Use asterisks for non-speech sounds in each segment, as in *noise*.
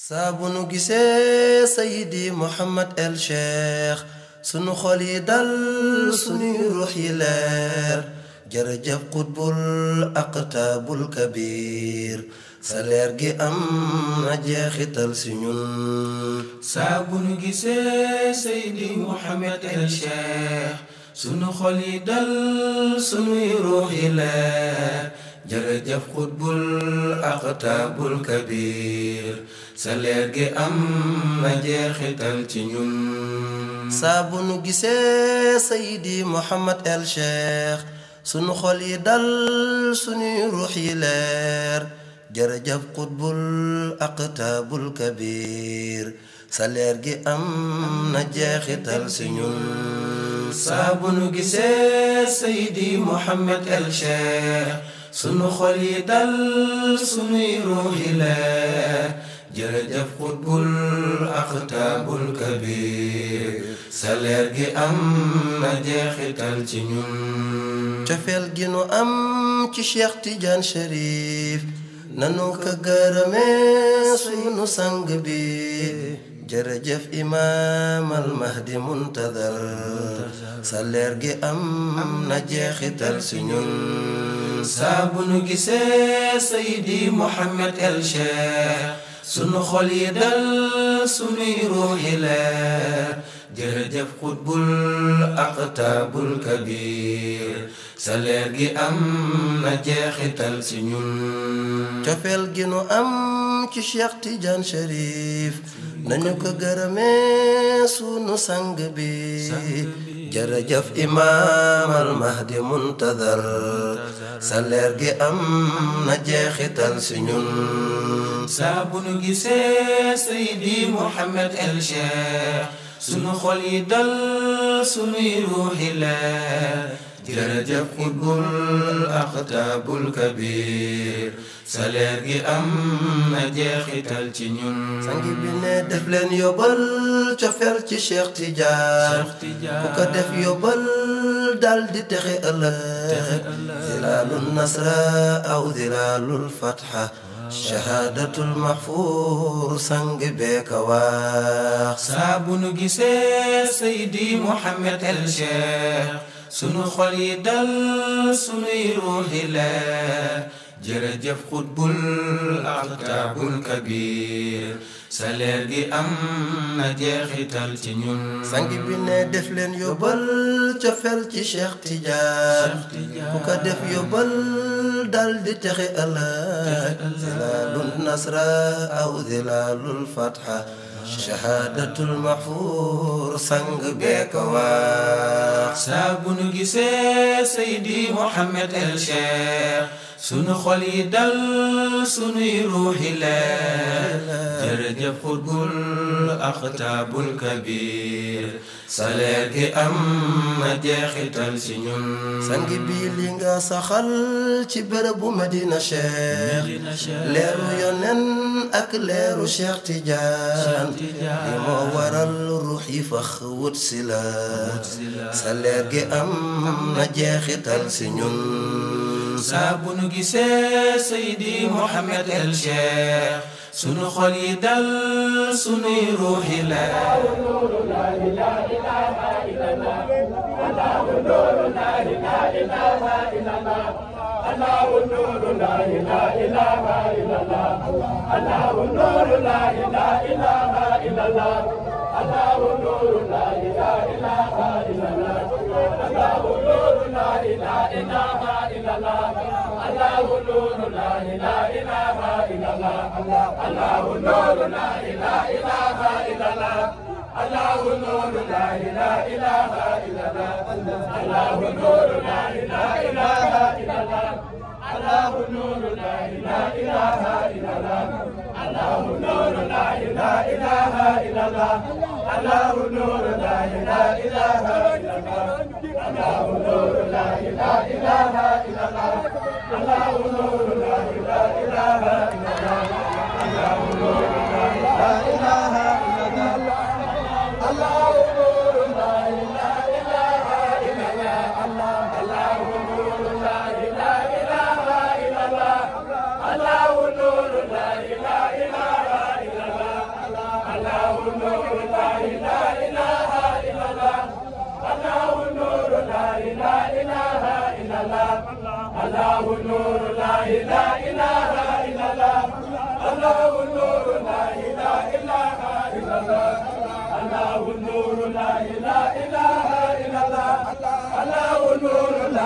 saabu nu gisee sayidi muhammad el cheikh sunu xol yi dal sunuy ruux yi leer jërëjëf xutbul aqtaabul kabiir sa gi am jeexital si ñun saabu nu gisee sayidi muhammad el kabiir sa leer gi am na jeexital ci ñun saa bu nu gisee sayidi muhammad el cheikh sunu xol yi dal sunuy ruux yi leer jërëjëf qutbul aqtaabul kabir sa leer gi am na jeexital ci ñun saa bu nu gisee sayidi muhammad el cheikh sunu xol yi dal sunuy ruux yi leer jërëjëf xutbul axtaabul kabir sa gi am na jeexital ci ñun cofeel gi nu am ci Cheikh Tidiane Chérif nanu ko gërëmee sunu sang bi jërëjëf imaam almahdi muntadar sa gi am na jeexital si ñun saa bu nu gisee saydi Mohamed El Cheikh sunu xol yi dal sunuy ruuxi leer jërëjëf xutbul aqtaabul kabiir sa gi am na jeexital si ñun cofeel gi nu am ci Cheikh Tidiane Chérif nañu ko gërëmee sunu sang bi jërëjëf imaam al muntadar sa gi am na jeexital si ñun saa bu nu gisee saydi Mouhamed El Cheikh sunu xol yi dal sunuy ruuxi leer jërëjëf xutbul axtaabul kabir sa leer gi am na jeexital ci ñun sangi bi ne def leen yóbbal cofeel ci Cheikh Tidiane ku ko def yóbbal dal di texe ëllëg zilaalul nasra aw zilaalul fatha shahaadatul maxfuur sang bee ka wax. saabu nu gisee Seydi Mouhamed El Cheikh sunu xol yi dal sunuy ruuxi leer jërëjëf xutbul axtaabul kabiir sa leer gi am na jeexital ci ñun sangi bi ne def leen yóbbal cofel ci Cheikh Tidiane ku ko def yóbbal dal di texe ëllëg zilalul nasra aw zilalul fatha shahaadatul maxfuur sang bee ko wax nu gisee Seydi Mouhamed El Cheikh sunu xol yi dal sunuy ruuxi leer jërëjëf xutbul axtaabul kabiir saleer gi am na jeexital ci ñun sang bi li saxal ci bërëbu Medina Cheikh leeru yonen ak leeru Cheikh Tidiane li moo waral ruux yi fax wut si la sa leer gi am na jeexital si ñun saa bu nu gisee Seydi Mouhamed El Cheikh sunu xol yi dal sunuy ruux yi leer la الله النور لا إله إلا الله الله النور لا إله إلا الله الله النور لا إله إلا الله الله النور لا إله إلا الله الله النور لا إله إلا الله الله النور لا إله إلا الله الله النور لا إله إلا الله الله النور لا إله إلا الله الله النور لا إله إلا الله الله النور لا إله إلا الله الله النور لا إله إلا الله الله النور لا إله إلا الله الله النور لا إله إلا الله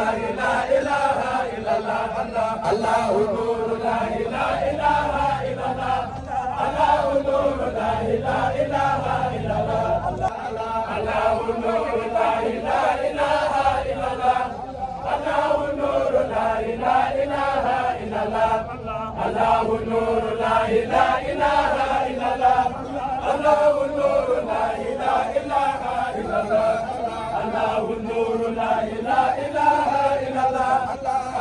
الله لا إله إلا الله الله نور لا إله إلا الله الله نور لا إله إلا الله الله نور لا إله إلا الله الله نور لا إله إلا الله الله نور لا إله إلا الله الله نور لا إله إلا الله الله النور لا إله إلا الله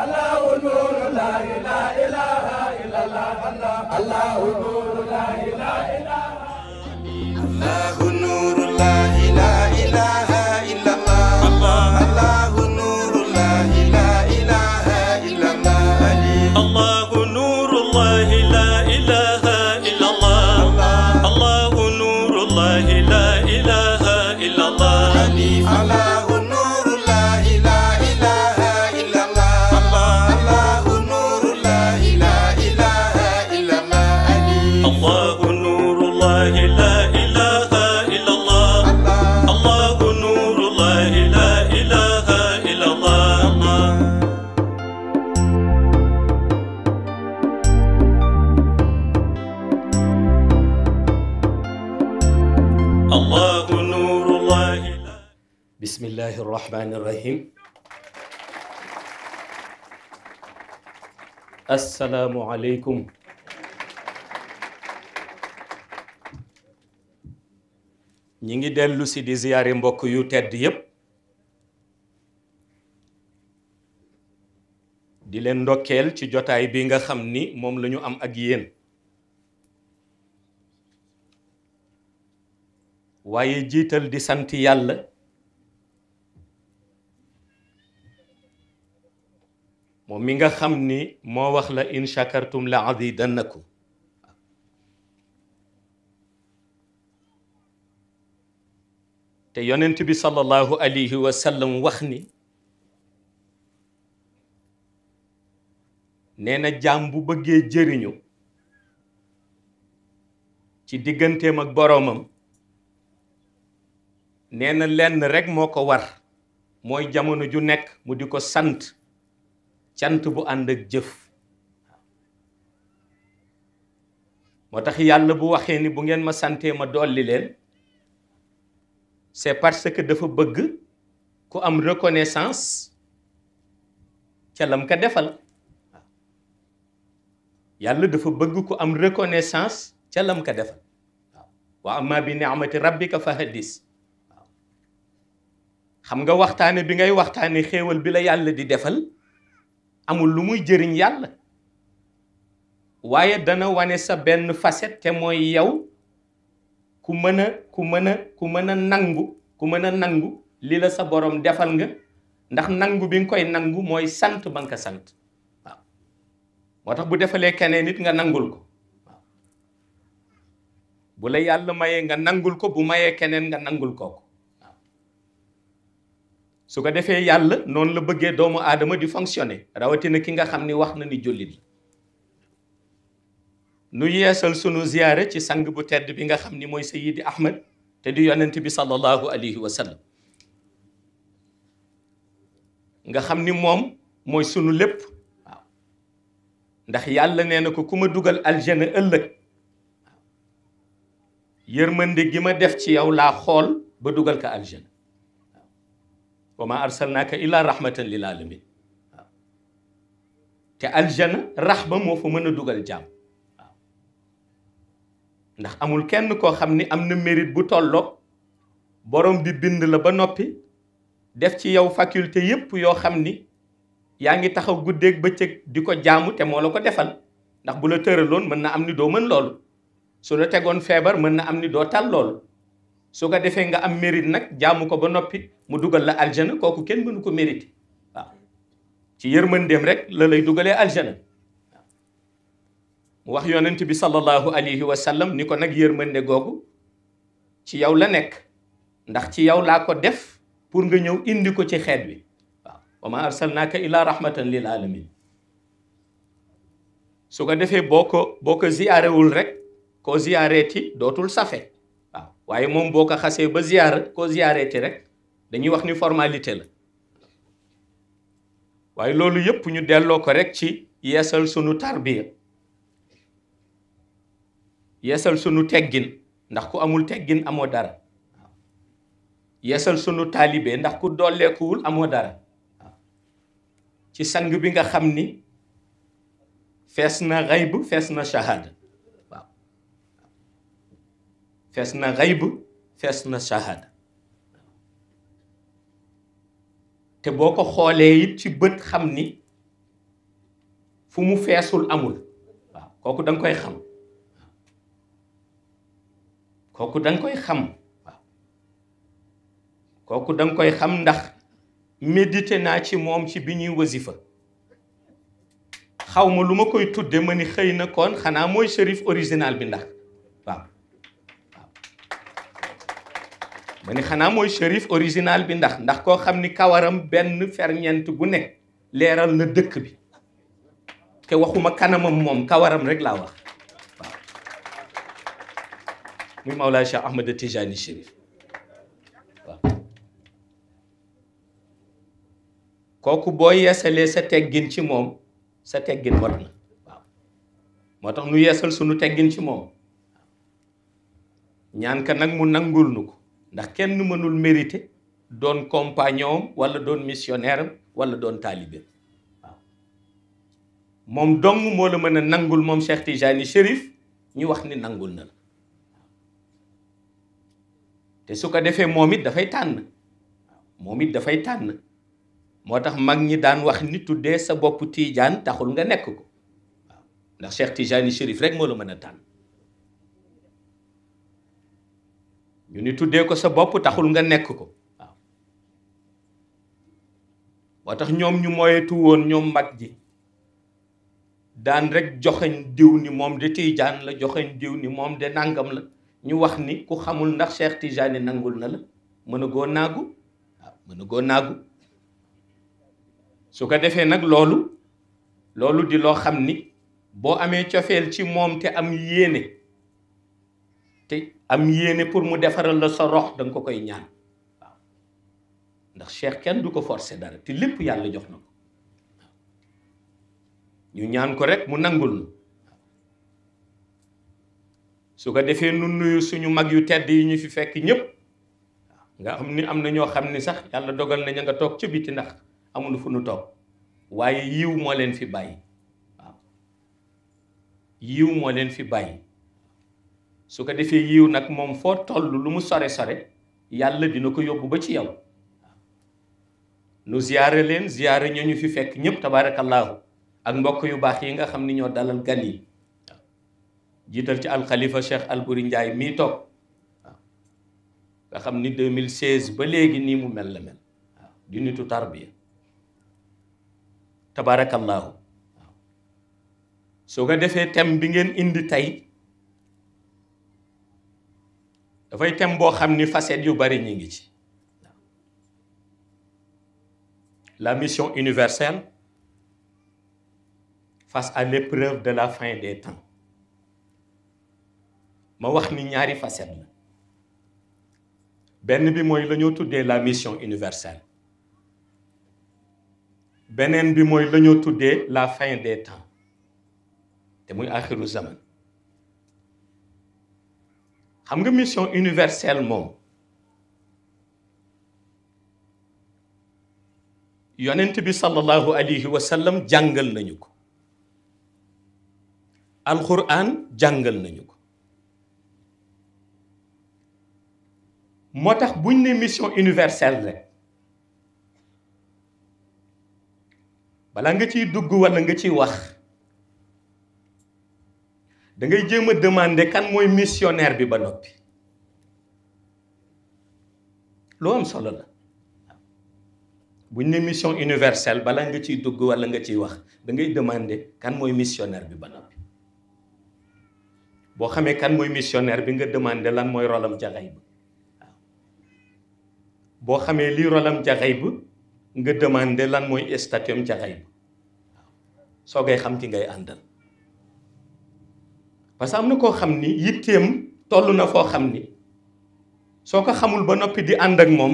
الله النور لا إله إلا الله الله النور لا إله إلا الله الله النور لا إله asalaamualeykum ñi ngi dellusi si di ziyaare mbokk yu tedd yépp di leen ndokkeel ci jotaay bi nga xam ni moom lañu am ak yéen waaye jiital di sant yàlla moom mi nga xam ni moo wax la in shakartum la azidannakum te yonent bi sallallahu alayhi wa sallam wax ni neena na jaam bu bëggee jëriñu ci digganteem ak boroomam nee na lenn rekk moo ko war mooy jamono ju nekk mu di ko sant cant bu ànd ak jëf moo tax yàlla bu waxee ni bu ngeen ma santee ma dolli leen c'est parce que dafa bëgg ku am reconnaissance ca lam ko defal yàlla dafa bëgg ku am reconnaissance ca lam ko defal waaw wa amma bi ni'mati rabbika fa haddis waaw xam nga waxtaane bi ngay waxtaane xéewal bi la yàlla di defal amul lu muy jëriñ yàlla waaye dana wane sa benn facette te mooy yow ku mën a ku mën a ku mën a nangu ku mën a nangu lii la sa borom defal nga ndax nangu bi nga koy nangu mooy sant ba sant moo tax bu defalee keneen nit nga nangul ko waaw bu la yàlla mayee nga nangul ko bu mayee keneen nga nangul ko su ko defee yàlla noonu la bëggee doomu aadama di fonctionner rawatina ki nga xam ni wax na ni jullit nu yeesal sunu ziyaare ci sang bu tedd bi nga xam ni mooy Sayyidi Ahmad te di yonent bi sallallahu alayhi wa sallam nga xam ni moom mooy sunu lépp waaw ndax yàlla nee na ko ku ma dugal aljana ëllëg yërmande gi ma def ci yow laa xool ba dugal ko aljana wa ma arsalnaaka illa rahmatan lil alamin waaw te aljana raxma moo fa mën a dugal jàmm ndax amul kenn koo xam ni am na mérit bu tolloog boroom bi bind la ba noppi def ci yow faculté yépp yoo xam ni yaa ngi taxaw ba bëccëg di ko jaamu te moo la ko defal ndax bu la tëraloon mën na am ni doo mën loolu su ne tegoon feebar mën na am ni doo tal loolu su ko defee nga am mérite nag jaamu ko ba noppi mu dugal la aljana kooku kenn mënu ko mérite waaw ci yërmandeem rek la lay dugalee aljana mu wax yonent bi sallallahu alayhi wa sallam ni ko nag yërmande googu ci yow la nekk ndax ci yow laa ko def pour nga ñëw indi ko ci xeet wi waaw wa ma arsalnaaka illa rahmatan lil alamin su ko defee boo ko boo ko ziyaarewul rek koo ziyaareeti dootul safe waaye moom boo ko xasee ba ziyaar koo ziyaareeti rek dañuy wax ni formalité la waaye loolu yëpp ñu delloo ko rek ci yeesal sunu tarbiya yeesal sunu teggin ndax ku amul teggin amoo dara yeesal sunu taalibe ndax ku dolleekuwul amoo dara ci sangu bi nga xam ni fees na xayb fees na shahada fees na xayb fees na shahada te boo ko xoolee it ci bët xam ni fu mu feesul amul kooku danga koy xam kooku danga koy xam kooku danga koy xam ndax médité naa ci moom ci bi ñuy wasifa xaw ma lu ma koy tudde ma ni xëy na koon xanaa mooy shérif original bi ndax ma xanaa mooy shérif original bi ndax ndax koo xam ni kawaram benn ferñeent bu nekk leeral na dëkk bi ke waxuma kanamam moom kawaram rek laa wax waaw muy Mawlaay Cheikh Ahmed Tijani Chérif kooku boo yesalee sa teggin ci moom sa teggin mot moo tax nu yesal sunu teggin ci moom ñaan ka nag mu nangul nu ko ndax kenn mënul mérité doon compagnon am wala doon missionnaire am wala doon taalibe waaw moom dong moo la mën a nangul moom Cheikh Tijani Chérif ñu wax ni nangul na la te su ko defee moom it dafay tànn moom it dafay tànn moo tax mag ñi daan wax ni tuddee sa bopp Tijaan taxul nga nekk ko waaw ndax Cheikh Tijani Chérif rek moo la mën a tànn ñu ni tuddee ko sa bopp taxul nga nekk ko waaw moo tax ñoom ñu moyetu woon ñoom mag ji daan rekk joxeñ diw ni moom de Tijaan la joxeñ diw ni moom de nangam la ñu wax ni ku xamul ndax Cheikh Tijaani nangul na la mën a goo naagu waaw mën a goo naagu su ko defee nag loolu loolu di loo xam ni boo amee cofeel ci moom te am yéene te am yéene pour mu defaral la sa rox ko koy ñaan waaw ndax cheikh kenn du ko forcer dara te lépp yàlla jox na ko ñu ñaan ko rek mu nangul nu su ko defee nu nuyu suñu mag yu tedd yi ñu fi fekk ñëpp nga xam ni am na ñoo xam ni sax yàlla dogal na ña nga toog ca biti ndax amuñu fu nu toog waaye yiw moo leen fi bàyyi waaw yiw moo leen fi bàyyi su ko defee yiw nag moom foo toll lu mu sore sore yàlla dina ko yóbbu ba ci yow nu ziyaare leen ziyaare ñoo ñu fi fekk ñëpp tabaarakallaahu ak mbokk yu baax yi nga xam ni ñoo dalal yi jiital ci alxalifa Cheikh Alburi Njaay mii toog nga xam ni 2016 ba léegi nii mu mel la mel waaw di nitu tarbiya tabaarakallaahu waaw su ko defee thème bi ngeen indi tey dafay thème boo xam ni facette yu bari ñi ngi ci la mission universelle face à l'épreuve de la fin des temps ma wax ni ñaari facette la benn bi mooy la ñoo tuddee la mission universelle beneen bi mooy la ñoo tuddee la fin des temps te muy axiru zaman xam nga mission universelle moom yonent bi sallallahu alayhi wa jàngal nañu ko alxuraan jàngal nañu ko moo tax buñ ne mission universelle la balaa nga ciy dugg walla nga ciy wax da ngay jéem a demander kan mooy missionnaire bi ba noppi lu am solo la buñ ne mission universelle balaa nga ciy dugg walla nga ciy wax dangay demande kan mooy missionnaire bi ba noppi boo xamee kan mooy missionnaire bi nga demande lan mooy rolam ca xayb waaw boo xamee lii rolam ca xayb nga demande lan mooy statut am ca xayb waaw soo koy xam ki ngay àndal. parce que am na koo xam ni yitteem toll na foo xam ni soo ko xamul ba noppi di ànd ak moom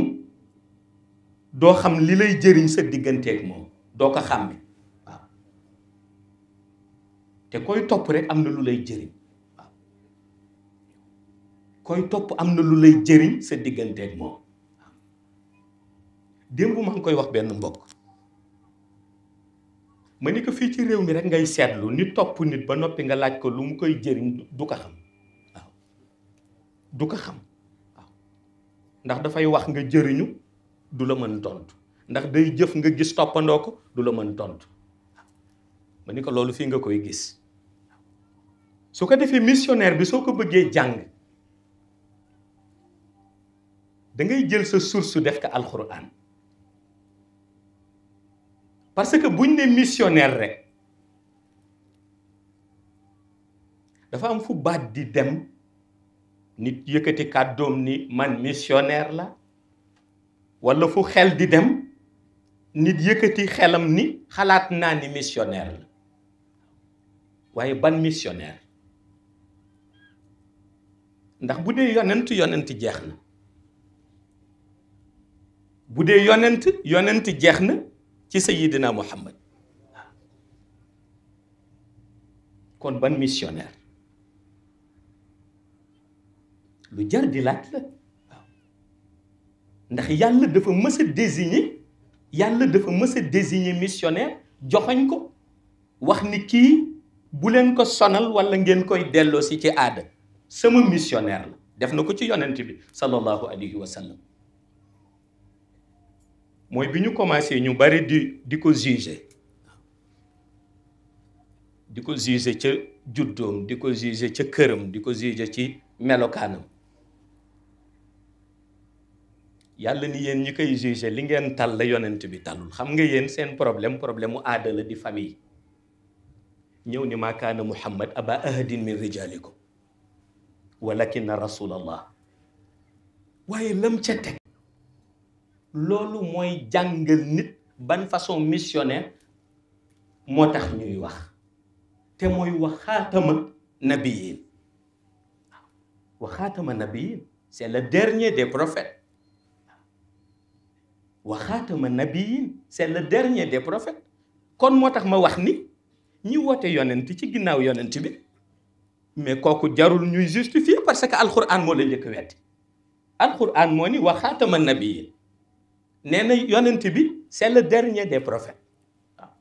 doo xam li lay jëriñ sa digganteeg moom doo ko xàmme te koy topp rek am na lu lay koy topp am na lu lay jëriñ sa digganteeg moom démb maa ngi koy wax benn mbokk ma ni ko fii ci réew mi rek ngay seetlu ni topp nit ba noppi nga laaj ko lu mu koy jëriñ du ko xam waaw du ko xam waaw ndax dafay wax nga jëriñu du la mën tontu ndax day jëf nga gis toppandoo ko du la mën tontu ma ni ko loolu fii nga koy gis su ko defee missionnaire bi soo ko bëggee jàng da ngay jël sa source def ko alxuraan parce que buñ ne missionnaire rek dafa am fu baat di dem nit yëkkati kàddoom ni man missionnaire la walla fu xel di dem nit yëkkati xelam ni xalaat naa ni missionnaire la waaye ban missionnaire ndax bu dee yonent yonent jeex na bu dee yonent yonent jeex na ci Sayyidina Muhammad kon ban missionnaire lu jar di laaj la ndax yàlla dafa mës a désigner yàlla dafa mës a désigner missionnaire ko wax ni kii bu leen ko sonal walla ngeen koy delloosi ci aada sama missionnaire la def na ko ci yonent bi sallallahu alayhi wa sallam mooy bi ñu commencé ñu bari di di ko juger di ko juger ca juddoom di ko juger ca këram di ko juger ci melokaanam yàlla ni yéen ñi koy juger li ngeen tàlla la yonent bi talul xam nga yéen seen problème problème mu aada di famille ñëw ni maa kaana muhammad aba ahadin min rijalikum walakin rasulallah waaye lam ca loolu mooy jàngal nit ban façon missionnaire moo tax ñuy wax te mooy waxaatama nabiyin waxaatama nabiyin c'est le dernier des prophètes waxaatama nabiyin c'est le dernier des prophètes kon moo tax ma wax ni ñi woote yonent ci ginnaaw yonent bi mais kooku jarul ñuy justifier parce que alxuraan moo la njëkk weddi alxuraan moo ni waxaatama nabiyin nee na yonent bi c'est le dernier des prophètes waaw ah.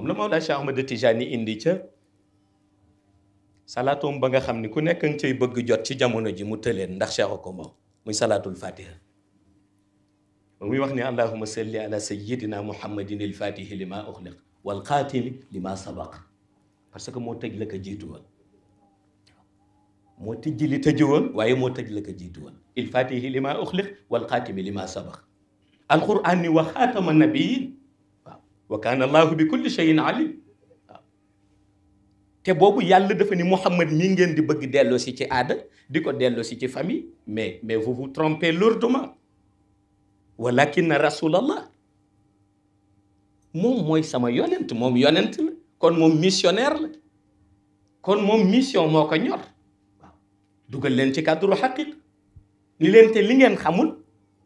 moom la Mawlaa Cheikh Ahmad Tijaani indi ca salaatoom ba nga xam ni ku nekk nga cay bëgg jot ci jamono ji mu tëleen ndax Cheikh ko moom muy salaatul fatiha ba muy wax ni allahuma salli ala sayidina muhammadin il fatihi li ma uxliq wal qaatili li ma sabaq parce que moo tëj la jiitu woon moo tëj li woon waaye moo tëj la ko jiitu woon il fatihi ma uxliq alquran ni wa xaatama nabiyin wa kaana allahu bi kulli shay'in alim waaw te boobu yàlla dafa ni Muhammad mii ngeen di bëgg delloosi ci aada di ko delloo si ci famille mais mais vous vous trompez lourdement walakinna rasulallah moom mooy sama yonent moom yonent la kon moom missionnaire la kon moom mission moo ko ñor dugal leen ci cadre xaqiq ni leen te li ngeen xamul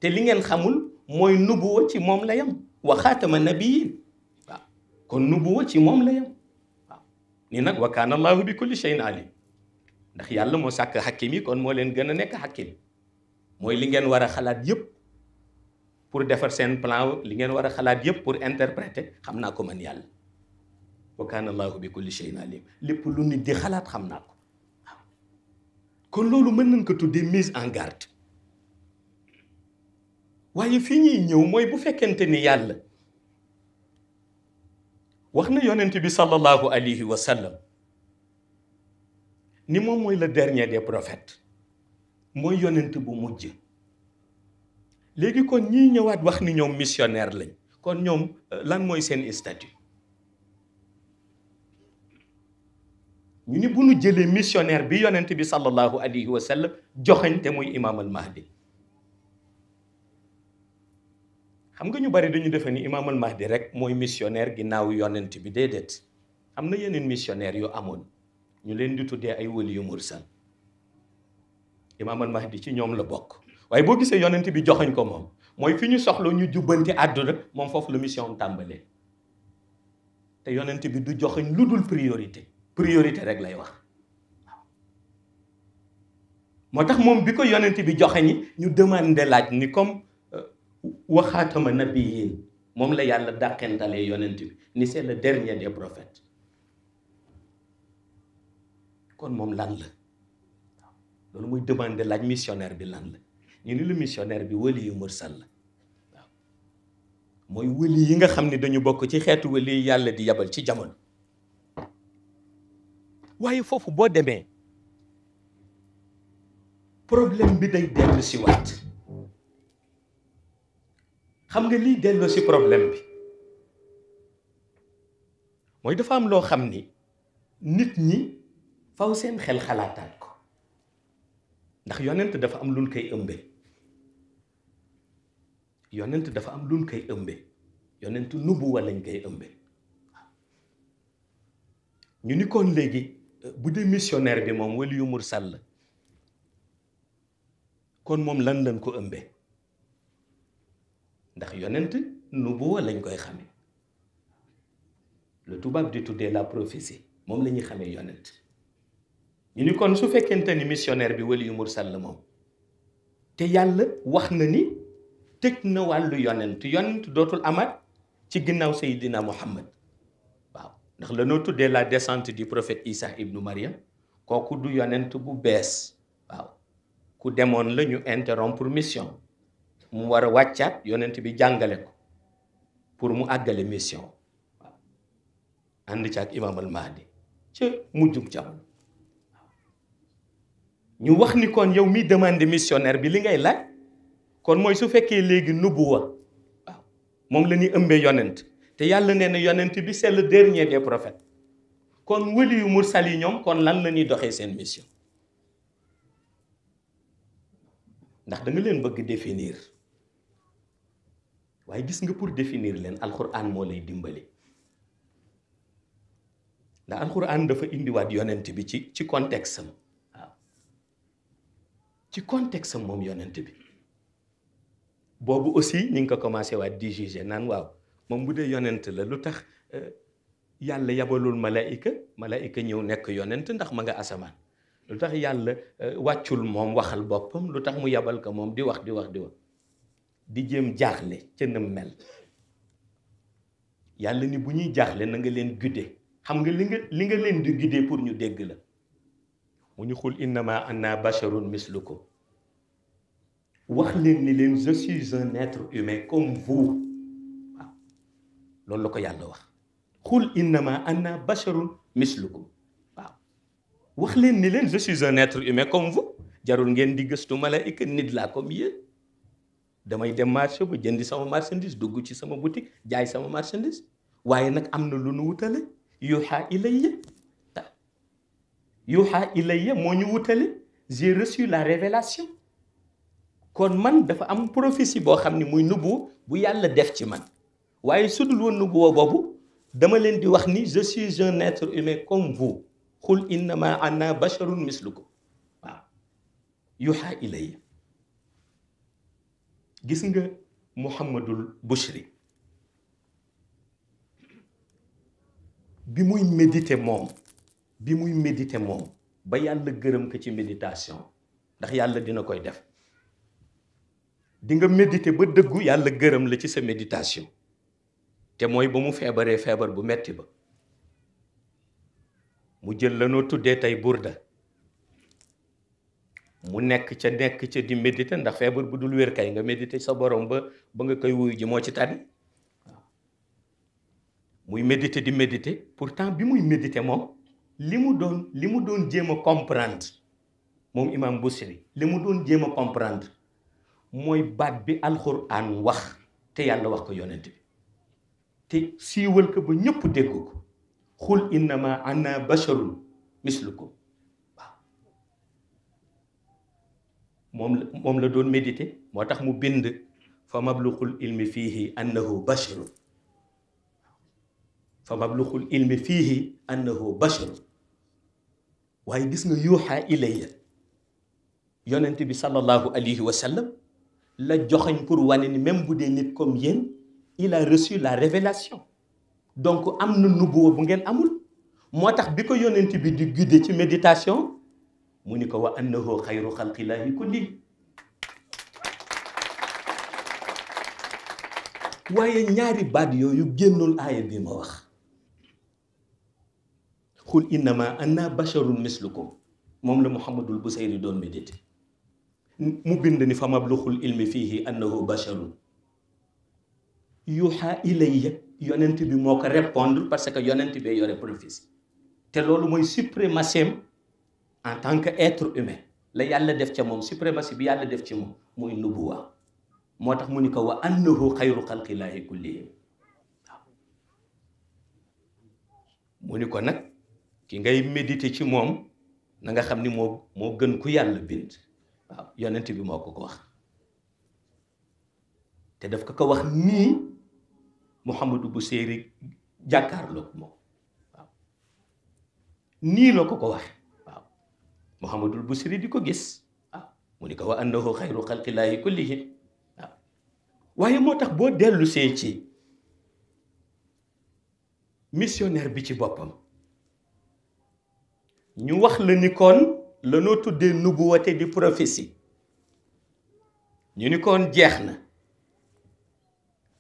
te li ngeen xamul mooy nubuwa ci moom la yem wa xaatama nabiyin waaw kon nubuwa ci moom la yem waaw ni nag wa kaana bi kulli shay'in alim ndax yàlla moo sàkk xakim yi kon moo leen gën a nekk xakim mooy li ngeen war a xalaat yëpp pour defar seen plan li ngeen war a xalaat yëpp pour interpréter xam naa ko man yàlla wa kaana bi kulli shay'in alim lépp lu xalaat xam naa ko kon loolu mën nañ ko tuddee mise en garde waaye fi ñuy ñëw mooy bu fekkente ni yàlla wax na yonent bi sallallahu alayhi wa sallam ni moom mooy la dernier des prophètes mooy yonent bu mujj léegi kon ñiy ñëwaat wax ni ñoom missionnaire lañ kon ñoom euh, lan mooy seen statut ñu ni bu nu jëlee missionnaire bi yonent bi sallallahu alayhi wa sallam joxañ te muy imaam al xam nga ñu bari dañu defe ni imaamal mahdi rek mooy missionnaire ginnaaw yonent bi déedéet am na yeneen missionnaire yu amoon ñu leen di tuddee ay wëli yu mursal imaamal mahdi ci ñoom la bokk waaye boo gisee yonent bi joxoñ ko moom mooy fi ñu soxla ñu jubbanti àdduna moom foofu la mission tàmbalee te yonent bi du joxoñ lu dul priorité priorité rek lay wax moo tax moom bi ko yonent bi joxe ñu demandé laaj ni comme waxaatama nabiyin moom la yàlla dàqentalee yonent bi ni c'est le dernier des prophètes kon moom lan la waaw loolu muy demander laaj missionnaire bi lan la ñu ni lu missionnaire bi wali yu mursal la mooy wali yi nga xam ne dañu bokk ci xeetu wali yàlla di yabal ci jamono waaye foofu boo demee problème bi day dellu si waat xam nga lii dellu si problème bi mooy dafa am loo xam ni nit ñi faw seen xel xalaataat ko ndax yonent dafa am luñ koy ëmbe yonent dafa am luñ koy ëmbe yonent nubuwa lañ koy ëmbe ñu ni kon léegi bu dee missionnaire bi moom waliyu mursal la kon moom lan lañ ko ëmbee ndax yonent nubuwa lañ koy xame lu tubaab di tuddee la prophétie moom la ñuy xamee yonent ñu ni kon su fekkente ni missionnaire bi wali yu mursal la moom te yàlla wax na ni tëj na wàllu yonent yonent dootul amaat ci ginnaaw Seydina Muhammad waaw ndax la noo tuddee la descente du prophète Isa ibnu maria kooku du yonent bu bees waaw ku demoon lañu ñu interrompre mission mu war a wàccaat yonent bi jàngale ko pour mu àggale mission waaw ci ak imaamal mahdi ci mujjug jamono ñu wax ni kon yow mi demande missionnaire bi li ngay laaj kon mooy su fekkee léegi nubuwa waaw moom la ñuy ëmbee yonent te yàlla nee na yonent bi c'est le dernier des prophètes kon wëli yu mursal yi ñoom kon lan la ñuy doxee seen mission ndax da leen bëgg definiir waaye gis nga pour définir leen alxuraan moo lay dimbali ndax alxuraan dafa indiwaat yonent bi ci ci contexte am ci contexte moom yonent bi boobu aussi ñu ngi ko commencé waat di juger naan waaw moom bu dee yonent la lu tax euh, yàlla yabalul malaayika malaayika ñëw nekk yonent ndax ma nga asamaan lu tax yàlla euh, wàccul moom waxal boppam lu tax mu yabal ko moom di wax di wax di wax di jéem jaaxle ca na mel yàlla ni bu ñuy jaaxle na nga leen guddee xam nga li nga li nga leen di guddee pour ñu dégg la mu ñu xul innama anna basharun mislukum wax leen ni leen je suis un être humain loolu la ko yàlla wax xul innama anna basharun mislukum waaw wax leen ni leen je suis un être humain comme vous jarul ngeen di gëstu malaika nit laa comme yéen damay dem marché bu jëndi sama marchandise dugg ci sama boutique jaay sama marchandise waaye nag am na lu nu wutale yuuxa ilayya yuuxa ilayya moo ñu wutale j'ai reçu la révélation kon man dafa am prophétie boo xam ne muy nubu bu yàlla def ci man waaye su dul woon nubuwa boobu dama leen di wax ni je suis un être humain comme vous xul innama ana basharun mislukum waaw yuuxa ilayya gis nga Mouhamadul Bouchri bi muy méditer moom bi muy méditer moom ba yàlla gërëm ko ci méditation ndax yàlla dina koy def dinga nga ba dëggu yàlla gërëm la ci sa méditation te mooy ba mu feebaree feebar bu metti ba mu jël la noo tuddee tey burda mu nekk ca nekk ca di méditer ndax feebar bu dul wér kay nga méditer sa borom ba ba nga koy wuyu ji moo ci tani muy méditer di méditer pourtant bi muy méditer moom li mu doon li mu doon jéem a comprendre moom imam Busiri li mu doon jéem a comprendre mooy baat bi alxuraan wax te yàlla wax ko yonent bi te siiwal ko ba ñëpp dégg ko xul innama ana basharun mislukum moom la moom la doon médité moo tax mu bind fa mabluqul ilmi fiihi annahu basharun fa mabluqul ilmi fiihi annahu basharun waaye gis nga yuuxaa ilayya yonent bi sallallahu alayhi wa sallam la joxañ pour wane ni même bu dee nit comme yéen il a la révélation donc am na nubuwa bu ngeen amul moo tax bi ko yonent bi di guider ci méditation mu ni ko wa annahu xayru xalqillaahi kulli waaye ñaari baat yooyu génnul aaya bi ma wax xul innama anna basharun mislukum moom la muhammadul busayri doon médité mu bind ni fa mabluxul ilmi fiihi annahu basharun yuuxa ilayya yonent bi moo ko répondre parce que yonent bee yore prophétie te loolu mooy suprématie en tant que être humain la yàlla def ca moom suprématie bi yàlla def ci moom muy nubuwa moo tax mu ni ko wa annahu xayru xalqillaahi kullihim ko nag ki ngay méditer ci moom na nga xam ni moo moo gën ku yàlla bind waaw bi moo ko ko wax te daf ko ko wax nii Muhammadu bu séeri jàkkaarloog moom nii la ko ko wax Muhammadul Busiri di ko gis ah mu ni ko wa annahu xayru xalqillaahi kullihim waaw ah. waaye moo tax boo dellu ci missionnaire bi ci boppam ñu wax la ni kon lanoo tuddee nubuwate di prophétie ñu ni kon jeex na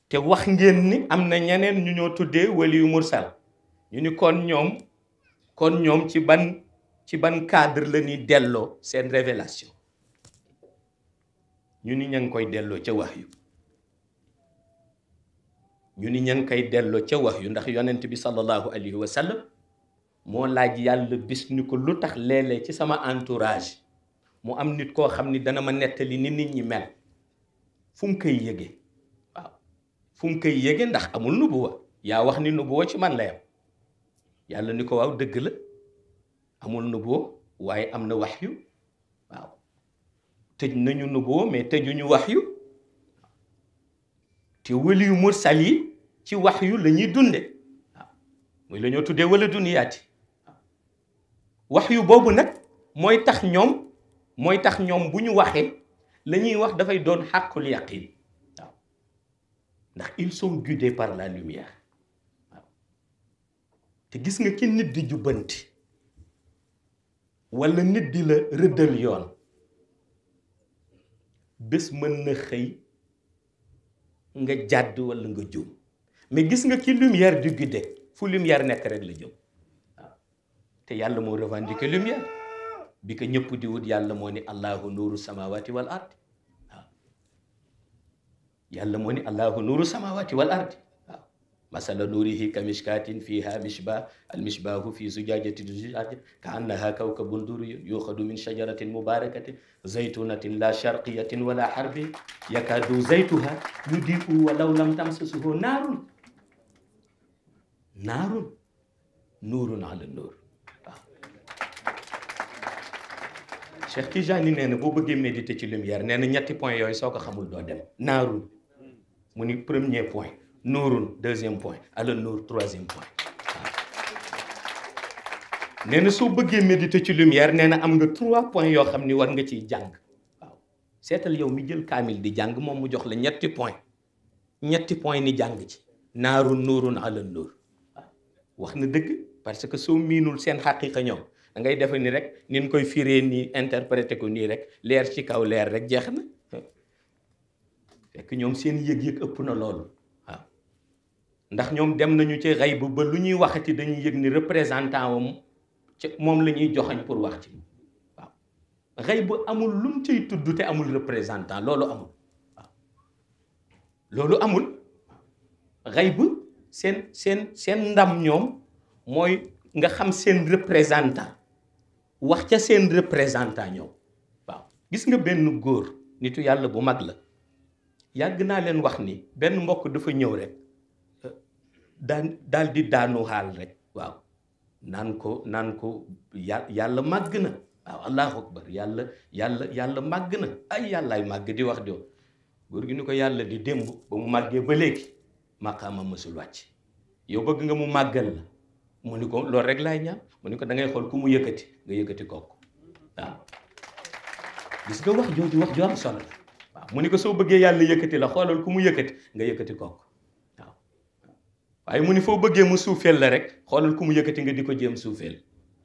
te wax ngeen ni am na ñeneen ñu ñoo tuddee waliyu mursal ñu ni kon ñoom kon ñoom ci ban ci ban cadre la ni delloo seen révélation ñu ni ña ngi koy delloo ca wax yu ñu ni ña koy delloo ca wax yu ndax yonent bi sallallahu alayhi wa sallam moo laaj yàlla bis ni ko lu tax léeg-léeg ci sama entourage mu am nit koo xam ni dana ma nettali ni nit ñi mel fu mu koy yëgee waaw fu mu koy yëgee ndax amul nubuwa yaa wax ni nubuwa ci man la yam yàlla ni ko waaw dëgg la amul nubuwa waaye am na wax yu waaw tëj nañu nubuwa mais tëjuñu wax yu te wëliyu mursal yi ci wax yu lañuy dunde waaw muy la tuddee walla duniyaati wax yu boobu nag mooy tax ñoom mooy tax ñoom bu ñu waxee la ñuy wax dafay doon xàqul yaqin waaw ndax ils sont juddee par la lumière waaw te gis nga kenn nit di jubbanti walla nit di la rëddal yoon bés man na xëy nga jàdd walla nga jum mais gis nga ki lumière du gudde fu lumière nekk rek la jëm te yàlla moo revendiqué lumière bi ko ñëpp di wut yàlla moo ni allahu nuuru samawati wal ardi waaw moo ni allahu nuuru samawati wal ardi masala nuurihi ka mishkaatin fiihaa mishbaah almishbaahu fii zujaajatin zujaaja ka annahaa kawkabun durriyyun yuuxadu min shajaratin mubaarakatin zaytuunatin laa sharqiyyatin wa laa xarbiya yakaadu zaytuhaa yudii'u wa law lam tamsashu naarun naarun nuurun ala nuur waaw ah. Cheikh Tijani nee na boo bëggee méditer ci lumière nee na ñetti point yooyu soo ko xamul doo dem naarun mu ni premier point nuurun deuxième point ala nuur troisième point waaw nee na soo bëggee méditer ci lumière nee na am nga trois points yoo xam ni war nga ciy jàng waaw seetal yow mi jël kaamil di jàng moom mu jox la ñetti point ñetti point ni jàng ci naaru nuurun ala nuur wax na dëgg parce que soo miinul seen xaqiqa ñoom da ngay defe nii rek nin koy firee nii interpréter ko nii rek leer ci kaw leer rek jeex na fekk ñoom seen yëg-yëg ëpp na loolu ndax ñoom dem nañu ci xay bu ba lu ñuy waxati dañuy yëg ni représentant am ci moom la ñuy joxañ pour wax ci waaw xay amul lu mu ciy tudd te amul représentant loolu amul waaw amul xay bu seen seen seen ndam ñoom mooy nga xam seen représentant wax ca seen représentant ñoom waaw gis nga benn góor nitu yàlla bu mag la yàgg naa leen wax ni benn mbokk dafa ñëw rek daan di daanu xaal rek waaw naan ko naan ko yà yàlla màgg na waaw yàlla yàlla yàlla màgg na ay yàllaay màgg di wax di góor gi ni ko yàlla di démb ba mu màggee ba léegi màqaama mësul wàcc yow bëgg nga mu màggal la mu ni ko loolu rek laay ñaan mu ni ko dangay xool ku mu yëkkati nga yëkkati kooku gis nga wax jooju wax ju am solo waaw mu ni ko soo bëggee yàlla yëkkati la xoolal ku mu yëkkati nga yëkkati kooku waaye mu ni foo bëggee mu suufeel la rek xoolal ku mu yëkkati nga di ko jéem suufeel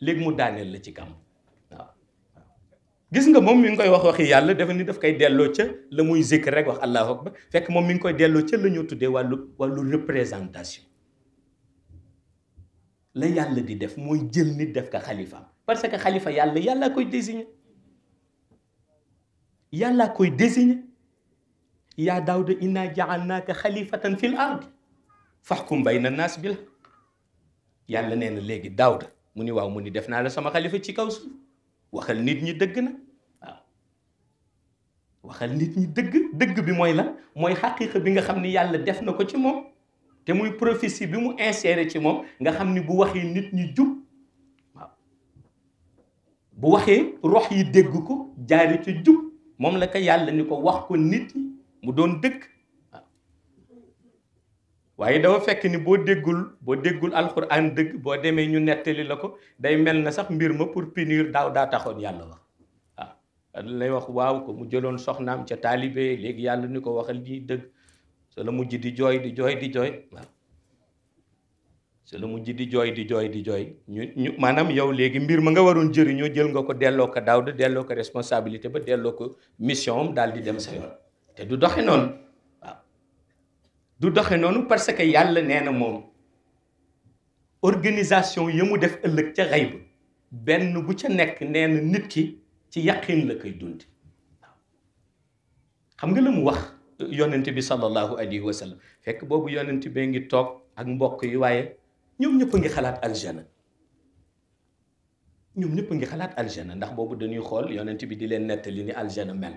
léegi mu daaneel la ci kàmb waaw gis nga moom mi ngi koy wax waxi yàlla dafa ni daf koy delloo ca la muy zikr rek wax allahu akbar fekk moom mi ngi koy delloo ca la ñu tuddee wàllu wàllu représentation la yàlla di def mooy jël nit def ko xalifaam parce que xalifa yàlla yàllaa koy désigné yàllaa koy désigné yaa daawda inna jaalnaaka xalifatan fil ard fax faxkum bayna naas bi la yàlla nee na léegi daawda mu ni waaw mu ni def naa la sama xalifa ci kaw suuf waxal nit ñi dëgg na waaw waxal nit ñi dëgg dëgg bi mooy lan mooy xaqiiqa bi nga xam ni yàlla def na ko ci moom te muy prophétie bi mu inséré ci moom nga xam ni bu waxee nit ñi jub waaw bu waxee rox yi dëgg ko jaari ci jub moom la ko yàlla ni ko wax ko nit ñi mu doon dëkk waaye dafa fekk ni boo déggul boo déggul alxuraan dëgg boo demee ñu nettali la ko day mel na sax mbir ma pour punir daaw daa taxoon yàlla wax waaw lay wax waaw ko mu jëloon soxnaam ca taalibe léegi yàlla ni ko waxal lii dëgg su la mujj di jooy di jooy di jooy waaw su di jooy di jooy di jooy ñu ñu maanaam yow léegi mbir ma nga waroon jëriñoo jël nga ko delloo ko daaw Daawda delloo ko responsabilité ba delloo ko mission am daal di dem sa yoon te du doxe noonu lu doxe noonu parce que yàlla nee na moom organisation yi mu def ëllëg ca xayb benn bu ca nekk nee nit ki ci yaqin la koy dund xam nga la mu wax yonent bi sallallahu alayhi wa sallam fekk boobu yonent bee ngi toog ak mbokk yi waaye ñoom ñëpp ngi xalaat aljana ñoom ñëpp ngi xalaat aljana ndax boobu dañuy xool yonent bi di leen nettali ni aljana mel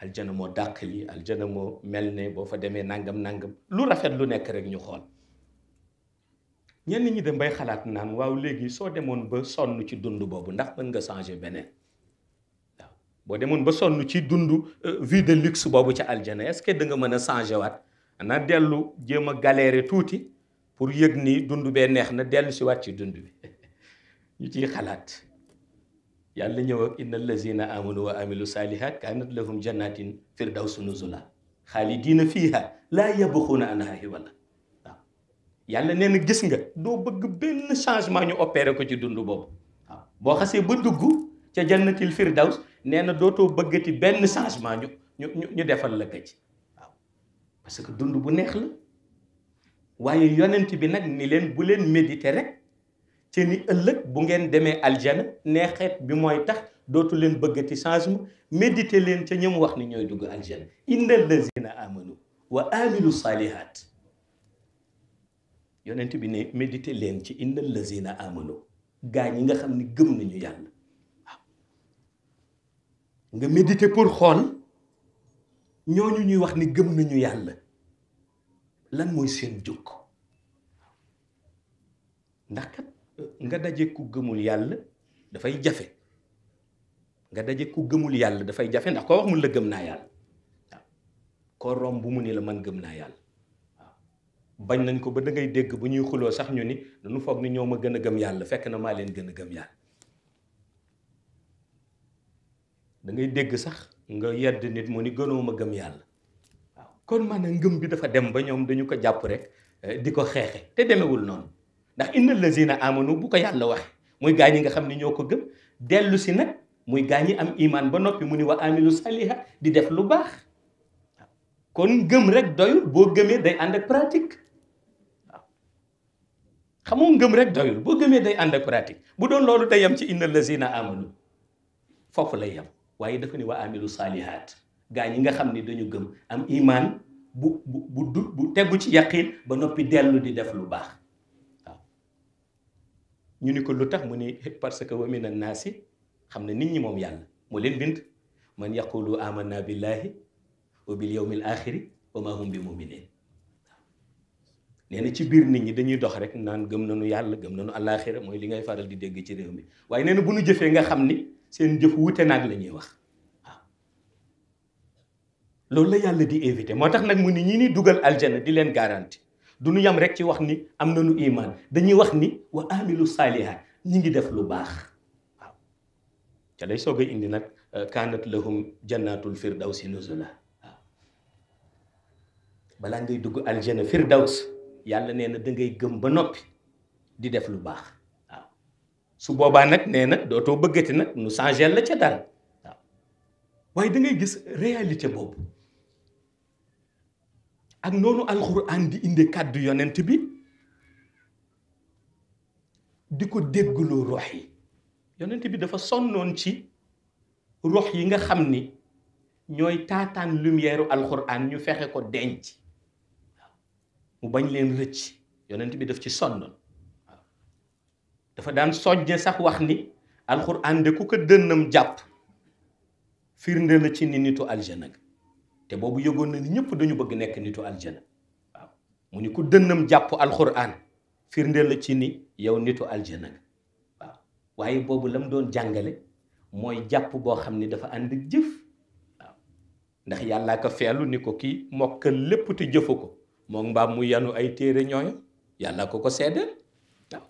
aljana moo dàq li aljana moo mel ne boo fa demee nangam nangam lu rafet lu nekk rek ñu xool ñenn ñi dem bay xalaat naan waaw léegi soo demoon ba sonn ci dund boobu ndax mën nga changer beneen boo demoon ba sonn ci dund euh, vie de luxe boobu ca aljana est-ce que da nga mën a changer waat na dellu jéem a galérer tuuti pour yëg ni dundu bee neex na dellu si waat ci dund bi *laughs* ñu ciy xalaat yàlla ñëw ak inna allazina amanu wa amilu salihat kanat lahum jannatin firdawsu nuzula xaalidina fiha laa yabxuuna anha hiwala waaw yàlla nee gis nga doo bëgg benn changement ñu opeere ko ci dundu boobu waaw boo xasee ba dugg ca jannatil firdaws nee na dootoo bëggati benn changement ñu ñu ñu defal la gëj parce que dund bu neex la waaye yonent bi nag ni leen bu leen méditer ci ni ëllëg bu ngeen demee aljana neexeet bi mooy tax dootu leen bëggati changement méditer leen ca ñëm wax ni ñooy dugg aljana innal lazina amanu wa amilu salihat yonent bi ne méditer leen ci innal lazina amanu gaa ñi nga xam ni gëm nañu yàlla nga méditer pour xool ñooñu ñuy wax ni gëm nañu yàlla lan mooy seen jukk ndax kat nga daje ku gëmul yàlla dafay jafe nga daje ku gëmul yàlla dafay jafe ndax koo wax mun la gëm naa yàlla waaw koo romb bu mu ni la man gëm naa yàlla waaw bañ nañ ko ba da ngay dégg bu ñuy xuloo sax ñu ni dañu foog ni ñoo ma gën a gëm yàlla fekk na maa leen gën a gëm yàlla da dégg sax nga yedd nit mu ni gënoo ma gëm yàlla waaw kon maanaam ngëm bi dafa dem ba ñoom dañu ko jàpp rek eh, di ko xeexe te demewul noonu ndax inna lazina amanu bu ko yàlla wax muy gaa ñi nga xam ne ñoo ko gëm dellusi nag muy gaa ñi am imaan ba noppi mu ni wa amilu saliha di def lu baax waaw kon gëm rek doyul boo gëmee day ànd ak pratique xamoo ngëm rek doyul boo gëmee day ànd pratique bu doon loolu day yem ci inna lazina amanu foofu lay yem waaye dafa ni wa amilu salihaat gaa ñi nga xam ni dañu gëm am imaan bu bu tegu ci yaqiin ba noppi dellu di def lu baax ñu ni ko lu tax mu ni parce que wa mina naasi xam ne nit ñi moom yàlla moo leen bind man yaqulu amanna na wa bil yawmil axiri wa ma hum bi muminin nee ci biir nit ñi dañuy dox rek naan gëm nañu yàlla gëm na nañu àllaaxira mooy li ngay faral di dégg ci réew mi waaye nee na bu nu jëfee nga xam ni seen jëf wute naag la ñuy wax loolu la yàlla di éviter moo tax nag mu ni ñi ni dugal aljana di leen garanti du ñu yam rek ci wax ni am na nañu iman dañuy wax ni wa amilu saalihaat ñi ngi def lu baax waaw ca day soog indi nag euh, kaanat lahum jannatul firdawsi nuzula waaw balaa ngay dugg aljana firdaws yàlla nee na da gëm ba noppi di def lu baax waaw su boobaa nag nee na dootoo bëggati nag nu changé la ca dara waaw waaye da gis réalité boobu ak noonu alxuraan di indi kàddu yonent bi di ko déggloo rox yi yonent bi dafa sonnoon ci rox yi nga xam ni ñooy taataan lumière alxuraan ñu fexe ko denc mu bañ leen rëcc yonent bi daf ci sonnoon dafa daan soññe sax wax ni alxuraan de ku ko dënnam jàpp firnde la ci ni nitu aljana te boobu yëgoon na ni ñëpp dañu bëgg nekk nitu aljana waaw mu ni ku dënnam jàpp alxuraan firnde la ci ni yow nitu aljana waaw waaye boobu la mu doon jàngale mooy jàpp boo xam ni dafa ànd jëf waaw ndax yàllaa ko feelu ni ko kii mokkal lépp te ko moom mbaam mu yanu ay téere ñooy yàllaa ko ko seddeel waaw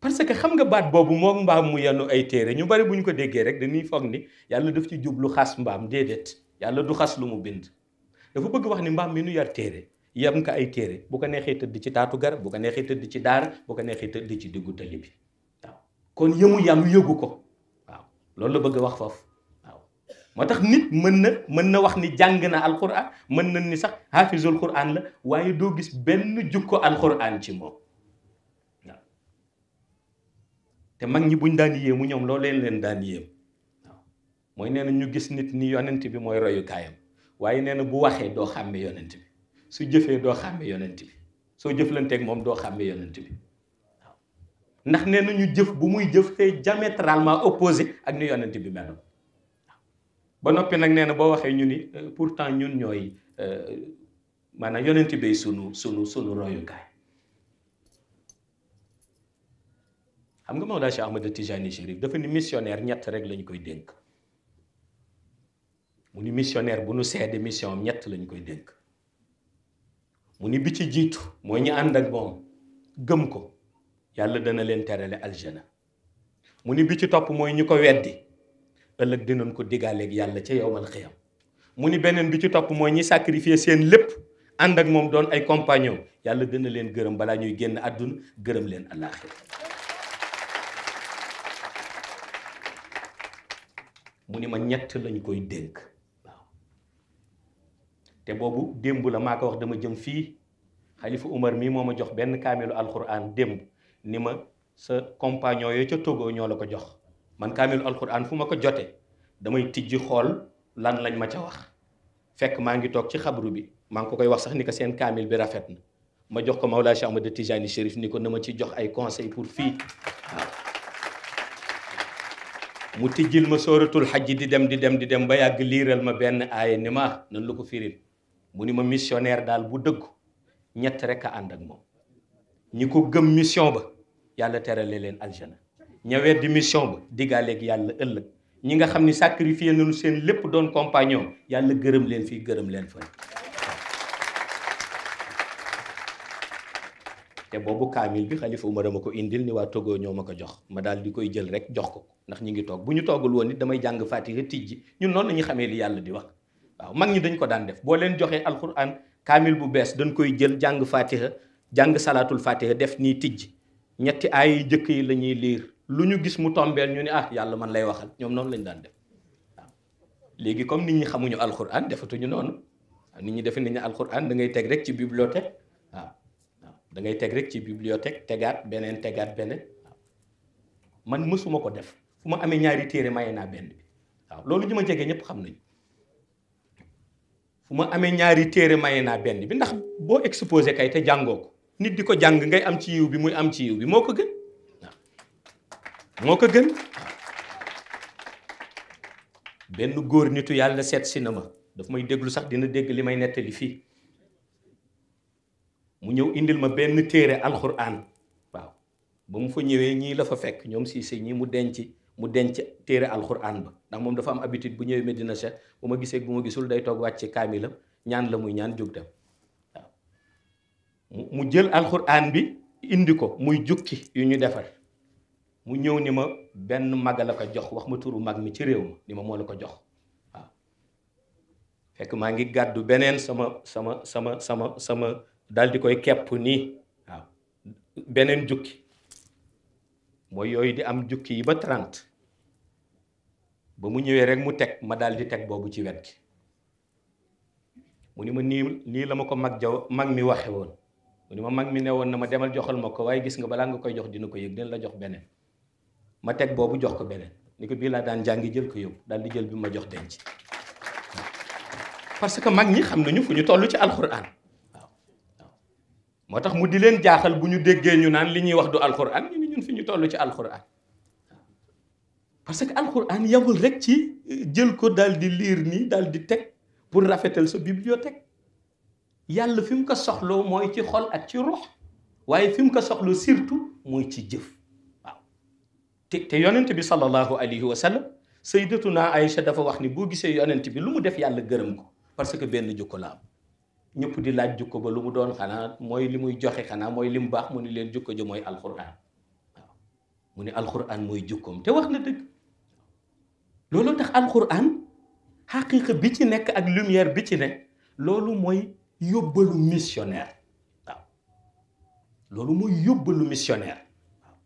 parce que xam nga baat boobu moo mbaam mu yanu ay téere ñu bari bu ñu ko déggee rek dañuy foog ni yàlla daf ci jublu xas mbaam déedéet yàlla du xas lu mu bind dafa bëgg wax ni mbaam mi nu yar téere yam nga ay téere bu ko neexee tëdd ci taatu garab bu ko neexee tëdd ci daara bu ko neexee tëdd ci diggu tali bi waaw kon yëmu yam yëgu ko waaw loolu la bëgg wax foofu waaw moo tax nit mën na mën na wax ni jàng na alquran mën na ni sax hafizul quran la waaye doo gis benn jukko alquran ci moom waaw te mag ñi buñ daan yéemu ñoom loolu leen leen daan yéem mooy nee na ñu gis nit ni yonent bi mooy royukaayam waaye nee na bu waxee doo xàmme yonent bi su jëfee doo xàmme yonent bi soo jëflanteeg moom doo xàmme yonent bi waaw ndax nee na jëf bu muy jëf te diamétralement opposé ak ni bi meloon ba noppi nag nee na boo waxee ñu ni euh, pourtant ñun ñooy euh, maanaam yonent bi sunu sunu sunu royukaay xam nga Mawlaa Cheikh Ahmad Tijani Chérif dafa ni missionnaire ñett rek lañu koy dénk mu ni missionnaire bu nu seede mission am ñett lañu koy dénk mu ni bi ci jiitu mooy ñu ànd ak moom gëm ko yàlla dana leen terale aljana mu ni bi ci topp mooy ñu ko weddi ëllëg dinañ ko digaaleeg yàlla ca yowmal xiyam mu ni beneen bi ci topp mooy ñi sacrifier seen lépp ànd ak moom doon ay compagnon yàlla dina leen gërëm balaa ñuy génn àdduna gërëm leen àllaaxira mu ni ma ñett lañ koy dénk te boobu démb la maa ko wax dama jëm fii xalifa Umar mii moo ma jox benn kaamilu alquran démb ni ma sa compagnon yooyu ca Togo ñoo la ko jox man kaamilu alquran fu ma ko jotee damay tijji xool lan lañ ma ca wax fekk maa ngi toog ci xabru bi maa ngi ko koy wax sax ni ko seen kaamil bi rafet na ma jox ko Mawlaa ma Ahmad Tijani Chérif ni ko na ma ci jox ay conseil pour fii waaw mu tijjil ma sóoratul xaj di dem di dem di dem ba yàgg liiral ma benn aaya ni ma ko firil mu ni ma missionnaire daal bu dëggu ñett rek a ànd ak moom ñi ko gëm mission ba yàlla terale leen aljana ñawet di mission ba diggaaleeg yàlla ëllëg ñi nga xam ni sacrifié nañu seen lépp doon compagnon yàlla gërëm leen fii gërëm leen fa te boobu kaamil bi xalifa Umar dama ko indil ni waa Togo ñoo a ko jox ma daal di koy jël rek jox ko ko ndax ñu ngi toog bu ñu toogul woon it damay jàng Fatiha tijji ñun noon la ñu xamee li yàlla di wax waaw mag ñi dañ ko daan def boo leen joxee alquran kaamil bu bees dañ koy jël jàng fatiha jàng salaatul fatiha def nii tijj ñetti ay yi jëkk yi la ñuy liir lu ñu gis mu tombeel ñu ne ah yàlla man lay waxal ñoom noonu lañu daan def waaw léegi comme nit ñi xamuñu alquran defatuñu noonu nit ñi defe nañu alquran da ngay teg rek ci bibliothèque waaw da ngay teg rek ci bibliothèque tegaat beneen tegaat beneen waaw man mësuma ko def fu ma amee ñaari téere maye naa benn bi waaw loolu ñu ma jege ñëpp xam nañu fu ma amee ñaari téere maye naa benn bi ndax boo exposé kay te jàngoo ko nit di ko jàng ngay am ci yiw bi muy am ci yiw bi moo ko gën moo ko gën benn góor nitu yàlla seet si na ma daf may déglu sax dina dégg li may nettali fii mu ñëw indil ma benn téere alxuraan waaw ba mu fa ñëwee ñii la fa fekk ñoom siise ñi mu denc mu denc téere alxuraan ba ndax moom dafa am habitude bu ñëwee Medina Cheikh bu ma gisee bu ma gisul day toog wàcc kaamilam ñaan la muy ñaan jóg dem waaw mu jël alxuraan bi indi ko muy jukki yu ñu defar mu ñëw ni ma benn mag la jox wax ma turu mag mi ci réew ma ni ma moo la ko jox waaw fekk maa ngi gàddu beneen sama sama sama sama sama daal di koy kepp nii waaw beneen jukki mooy yooyu di am jukki yi ba trent ba mu ñëwee rek mu teg ma daal di teg boobu ci wet gi mu ni ma nii nii la ma ko mag jaw mag mi waxe woon mu ni ma mag mi ne woon na ma demal joxal ma ko waaye gis nga balaa nga koy jox dina ko yëg dina la jox beneen ma teg boobu jox ko beneen ni ko bii laa daan jàngi jël ko yóbbu daal di jël bi ma jox denc parce que mag ñi xam nañu fu ñu toll ci alxuraan waaw waaw moo tax mu di leen jaaxal bu ñu déggee ñu naan li ñuy wax du alxuraan ñu ni fi ñu toll ci alxuraan parce que alxuraan yamul rek ci euh, jël ko daal di liir nii daal di teg pour rafetal sa bibliothèque yàlla fi mu ko soxloo mooy ci xol ak ci ruux waaye fi mu ko soxloo surtout mooy ci jëf waaw te te yonent bi sallallahu alayhi wa naa sayyidatuna Aïcha dafa wax ni boo gisee yonent bi lu mu def yàlla gërëm ko parce que benn jukko la am ñëpp di laaj jukko ba lu mu doon xanaa mooy li muy joxe xanaa mooy li mu baax mu ni leen jukko ji mooy alxuraan ne alxuraan mooy jukkoom te wax na dëgg. loolu tax alquran xaqiqa bi ci nekk ak lumière bi ci ne loolu mooy yóbbalu missionnaire waaw loolu mooy yóbbalu missionnaire waaw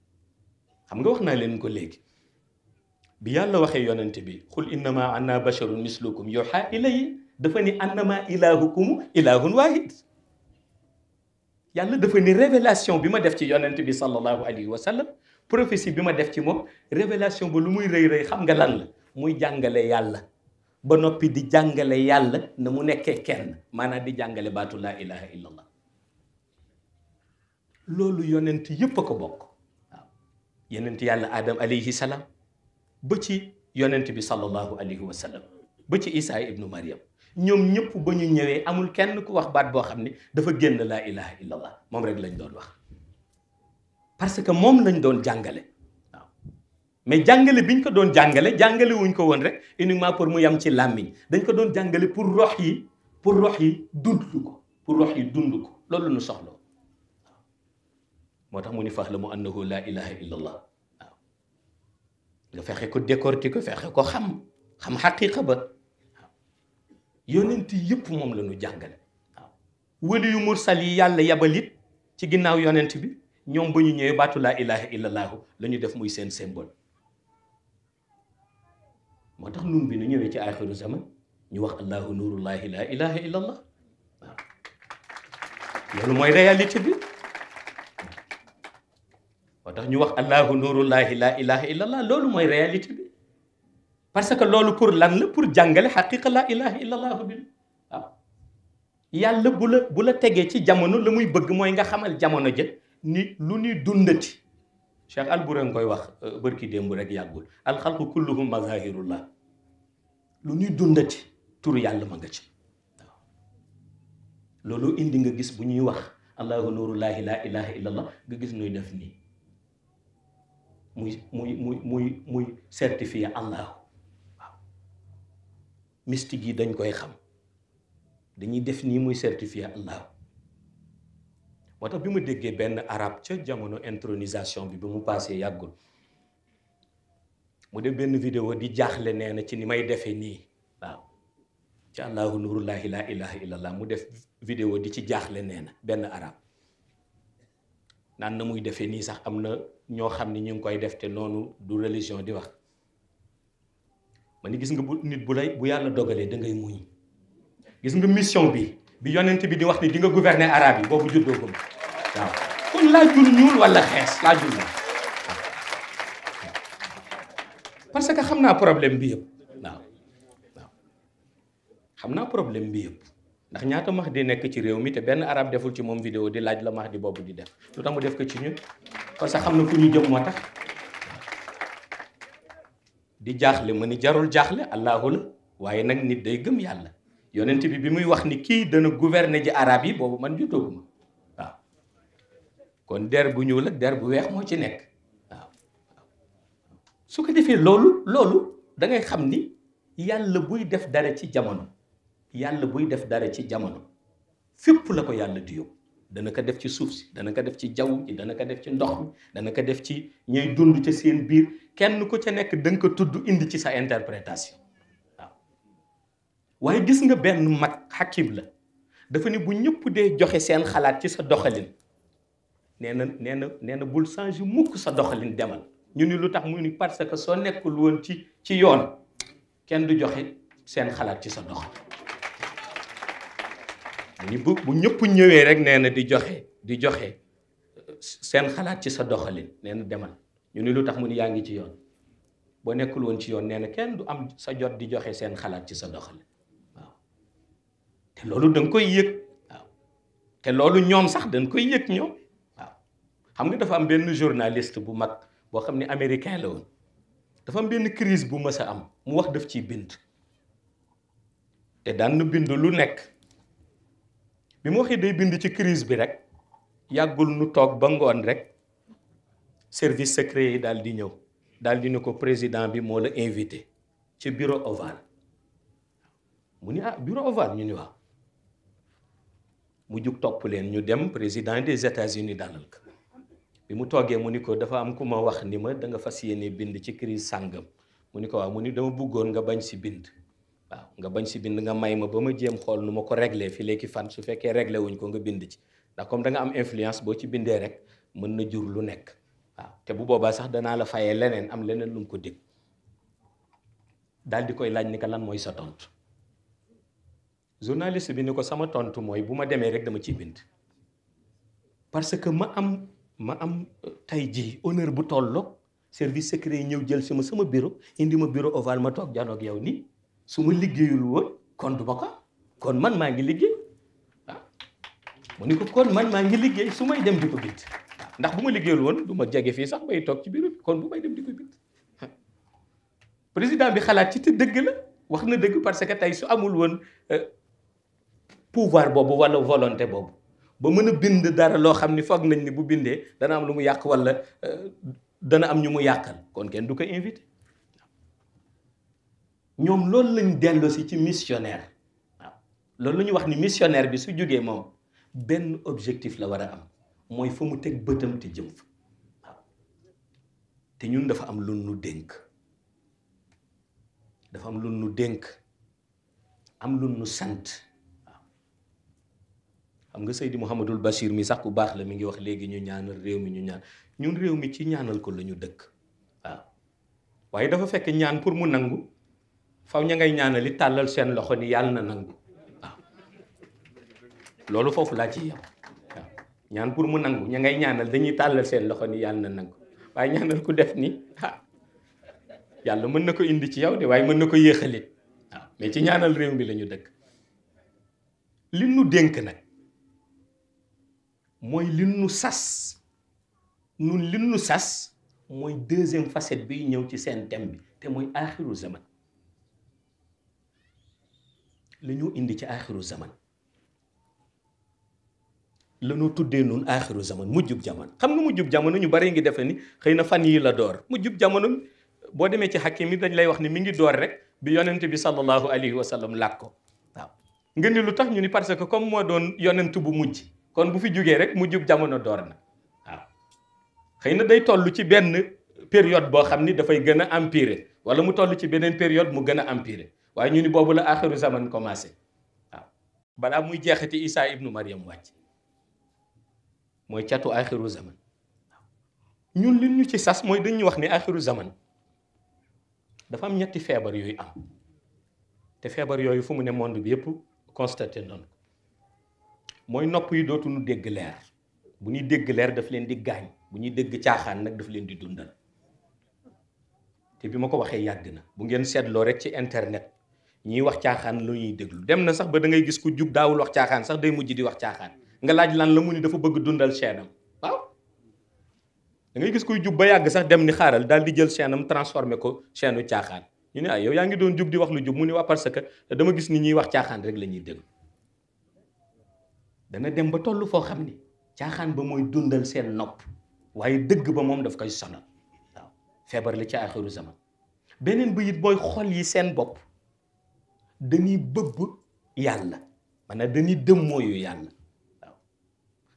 xam nga wax naa leen ko léegi bi yàlla waxee yonent bi xul innama ana basharun mislukum yuha ilay dafa ni annama ilahukum ilahun wahid yàlla dafa ni révélation bi ma def ci yonent bi sallallahu alayhi wa sallam prophétie bi ma def ci moom révélation ba lu muy rëy rëy xam nga lan la muy jàngale yàlla ba noppi di jàngale yàlla na mu nekkee kenn maanaam di jàngale baatu laa ilaha illallah loolu yonent yépp a ko bokk waaw yonent yàlla aadam alayhi salaam ba ci yonent bi sallallahu alayhi wa ba ci Isaa ibnu Maryam ñoom ñëpp ba ñu ñëwee amul kenn ku wax baat boo xam ne dafa génn laa ilaha illallah moom rek lañ doon wax parce que moom lañ doon jàngale. mais jàngale bi ñu ko doon jàngale jàngale wuñ ko woon rek uniquement pour mu yam ci làmmiñ dañ ko doon jàngale pour rox yi pour rox yi dund ko pour rox yi dund ko loolu nu soxla moo tax mu ni fahlamu annahu laa ilaha illa la waaw nga fexe ko décorté ko fexe ko xam xam xaqiqa ba waaw yonent yëpp moom la ñu jàngale waaw wali yu mursal yi yàlla yabal it ci ginnaaw yonent bi ñoom ba ñu ñëwee baatu laa ilaha illa la ñu def muy seen symbole moo tax nun bi nu ñëwee ci axiru zaman ñu wax allahu nurullahi la ilaha illa allah loolu mooy réalité bi moo tax ñu wax allahu nurullahi la ilaha illa allah mooy réalité parce que loolu pour lan la pour jàngale xaqiqa la ilaha bi waaw la bu la tegee ci jamono la muy bëgg mooy nga xamal jamono jë ni lu ñuy dundati Cheikh Albouri nga koy wax euh, bërki démb rek yàggul alxalqu kulluhum mazahirullah lu ñuy dundati tur yàlla ma nga ci loolu indi nga gis bu ñuy wax allahu nuuru laahi laa ilaha illa nga gis ñuy def nii muy muy muy muy muy certifié allahu waaw mystique yi dañ koy xam dañuy def nii muy certifié allahu moo tax bi ma déggee benn arab ca jamono intronisation bi ba mu paasee yàggul mu de benn vidéo di jaaxle nee na ci ni may defee nii waaw ci allahu nurullahi la ilaha illallah mu def vidéo di ci jaaxle nee na benn arab naan na muy defee nii sax am na ñoo xam ne ñu ngi koy def te noonu du religion di wax ma ni gis nga bu nit bu lay bu yàlla dogalee dangay ngay muñ gis nga mission bi bi yonent bi di wax ni di nga gouverner arabe yi boobu juddoo ko waaw kon laajul ñuul wala xees laajul ñuul parce que xam naa problème bi yëpp waaw waaw xam naa problème bi yëpp ndax ñaata max di nekk ci réew mi te benn arab deful ci moom vidéo di laaj la max di boobu di def lu tax mu def ko ci ñu parce que xam na ku ñu jëm moo tax di jaaxle ma ni jarul jaaxle allahu la waaye nag nit day gëm yàlla yonent bi bi muy wax ni kii dana gouverner ji arab yi boobu man juddooguma waaw kon der bu ñuul ak der bu weex moo ci nekk waaw su ko defee loolu loolu da ngay xam ni yàlla buy def dara ci jamono yàlla buy def dara ci jamono fépp la ko yàlla di yóbbu dana ko def ci suuf si dana ko def ci jaww ji dana ko def ci ndox mi dana ko def ci ñuy dund ca seen biir kenn ko ca nekk da ko tudd indi ci sa interpretation waaye gis nga benn mag xakim la dafa ne bu ñëpp dee joxe seen xalaat ci sa doxalin nee na nee nee na bul changer mukk sa doxalin demal ñu ni lu tax mu ni parce que soo nekkul woon ci ci yoon kenn du joxe seen xalaat ci sa doxalin ni bu bu ñëpp ñëwee rek nee di joxe di joxe euh, seen xalaat ci sa doxalin nee demal ñu ni lu tax mu ni yaa ngi ci yoon boo nekkul woon ci yoon nee na kenn du am sa jot di joxe seen xalaat ci sa doxalin loolu da nga koy yëg waaw te loolu ñoom sax dañ koy yëg ñoom waaw xam nga dafa am benn journaliste bu mag boo xam ne américain la woon dafa am benn crise bu mës a am mu wax def ci bind te daan bind lu nekk bi mu waxee day bind ci crise bi rek yàggul nu toog ba ngoon rek service secret yi daal di ñëw daal di ne ko président bi moo la invité ci bureau ovale mu ni ah bureau ovale ñu ni waaw mu jug topp leen ñu dem président des États-Unis dalal ko bi mu toogee mu ni ko dafa am ku ma wax ni ma da nga fas yéene bind ci crise sàngam mu ni ko waaw mu ni dama bëggoon nga bañ si bind waaw nga bañ si bind nga may ma ba ma jéem xool nu ma ko réglé fi léegi fan su fekkee réglé wuñ ko nga bind ci ndax comme danga am influence boo ci bindee rek mën na jur lu nekk waaw te bu boobaa sax danaa la fayee leneen am leneen lu ko dégg daal di koy laaj ni lan mooy sa tontu. journaliste bi ni ko sama tontu mooy bu ma demee rek dama ciy bind parce que ma am ma am euh, tey jii honneur bu tolloog service secret yi ñëw jël si ma sama biro indi ma bureau ovale ma toog janoog yow nii su ma liggéeyul woon kon du ma ko kon man maa ngi liggéey ah ko kon man maa ngi liggéey su may dem di ko bind ndax bu ma liggéeyul woon du ma jege fii sax may toog ci bureau bi kon bu may dem di ko bind président bi xalaat ci te dëgg la wax na dëgg parce que tey su amul woon euh, pouvoir boobu wala volonté boobu ba mën a bind dara loo xam ni foog nañ ni bu bindee dana am lu mu yàq wala euh, dana am ñu mu yàqal kon kenn du ko invité ñoom loolu lañ dellu si ci missionnaire waaw loolu la ñu wax ni missionnaire bi su jógee moom benn objectif la war a am mooy fa mu teg bëtam te jëm fa waaw te ñun dafa am lu nu dénk dafa am lu nu dénk am lu nu sant xam nga Seydi Mouhamadul Bachir mi sax ku baax la mi ngi wax léegi ñu ñaanal réew mi ñu ñaan ñun réew mi ci ñaanal ko la ñu dëkk waaw waaye dafa fekk ñaan pour mu nangu faw ña ngay ñaanali tàllal seen loxo ni yàlla na nangu loolu foofu laa ci ñaan pour mu nangu ña ngay ñaanal dañuy tàllal seen loxo ni yàlla na nangu waaye ñaanal ku def nii yàlla mën na ko indi ci yow de waaye mën na ko yéexalit waaw mais ci ñaanal réew mi lañu dëkk li nu dénk nag mooy li nu sas nun li nu sas mooy deuxième facette bi ñëw ci seen thème bi te mooy aaxiru zaman li ñu indi ci aaxiru zaman la ñu tuddee noonu aaxiru zaman mujjub jamono xam nga mujjub jamono ñu bare ngi defe ni xëy na fan yii la door mujjub jamono boo demee ci xakkim yi dañ lay wax ni mi ngi door rek bi yonent bi sallallahu alayhi wa sallam làkk ko waaw nga ni lu tax ñu ni parce que comme moo doon yonent bu mujj kon bu fi jógee rek mu jub jamono door na waaw xëy na day toll ci benn période boo xam ni dafay gën a empirer wala mu toll ci beneen période mu gën a empirer waaye ñu ni boobu la axiru zaman commencé balaa muy jeexati Isaa ibnu Maryam wàcc mooy catu axiru zaman ñun li ñu ci sas mooy dañuy wax ni axiru zaman dafa am ñetti feebar yooyu am te feebar yooyu fu mu ne monde bi yëpp constaté noonu mooy nopp yi dootuñu dégg leer bu ñuy dégg leer daf leen di gaañ bu ñuy dégg caaxaan nag daf leen di dundal te bi ma ko waxee yàgg na bu ngeen seetloo rek ci internet ñiy wax caaxaan lu ñuy déglu dem na sax ba dangay gis ku jub daawul wax sax day mujj di wax caaxaan nga laaj lan la mu ni dafa bëgg dundal chaîne-am waaw da ngay gis kuy jub ba yàgg sax dem ni xaaral daal di jël chaîne-am ko chaîne-u caaxaan ñu ne ah yow yaa ngi doon jub di wax lu jub mu ni waa parce que dama gis ni ñuy wax caaxaan rek la ñuy déglu dana dem ba toll foo xam ni caaxaan ba mooy dundal seen nopp waaye dëgg ba moom daf koy sonal waaw feebar la ci axiru zaman beneen bi it mooy xol yi seen bopp dañuy bëbb yàlla maanaam dañuy dëmmooyu yàlla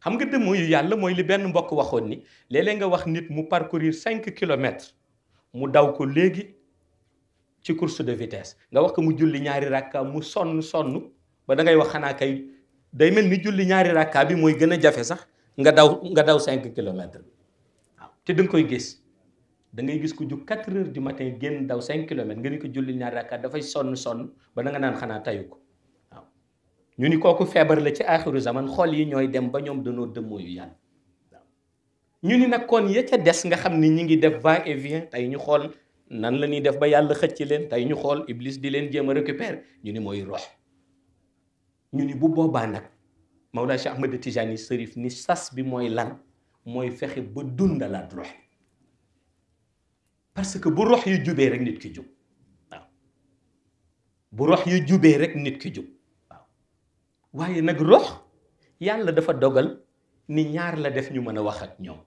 xam nga dëmmooyu yàlla mooy li benn mbokk waxoon ni léeg-léeg nga wax nit mu parcourir cinq kilomètres mu daw ko léegi ci course de vitesse nga wax ko mu julli ñaari rakka mu sonn sonn ba dangay wax xanaa kay day mel ni julli ñaari rakka bi mooy gën a jafe sax nga daw nga daw cinq kilomètres waaw te da koy gis da ngay gis ku jug quatre heures du matin génn daw cinq kilomètres nga ni ko julli ñaari rakka dafay sonn sonn ba na nga naan xanaa tayu ko waaw ñu ni kooku feebar la ci axiru zaman xool yi ñooy dem ba ñoom danoo dëmmoo yu yàlla ñu ni nag kon ya ca des nga xam ni ñi ngi def va et vient tey ñu xool nan la ñuy def ba yàlla xëcc leen tey ñu xool iblis di leen jéem a récupérer ñu ni mooy rox ñu ni bu boobaa nag Mawlaa Cheikh Ahmed Tijani Sërif ni sas bi mooy lan mooy fexe ba dundalaat rox parce que bu rox yu jubee rek nit ki jub waaw bu rox yu jubee rek nit ki jub waaw waaye nag rox yàlla dafa dogal ni ñaar la def ñu mën a wax ak ñoom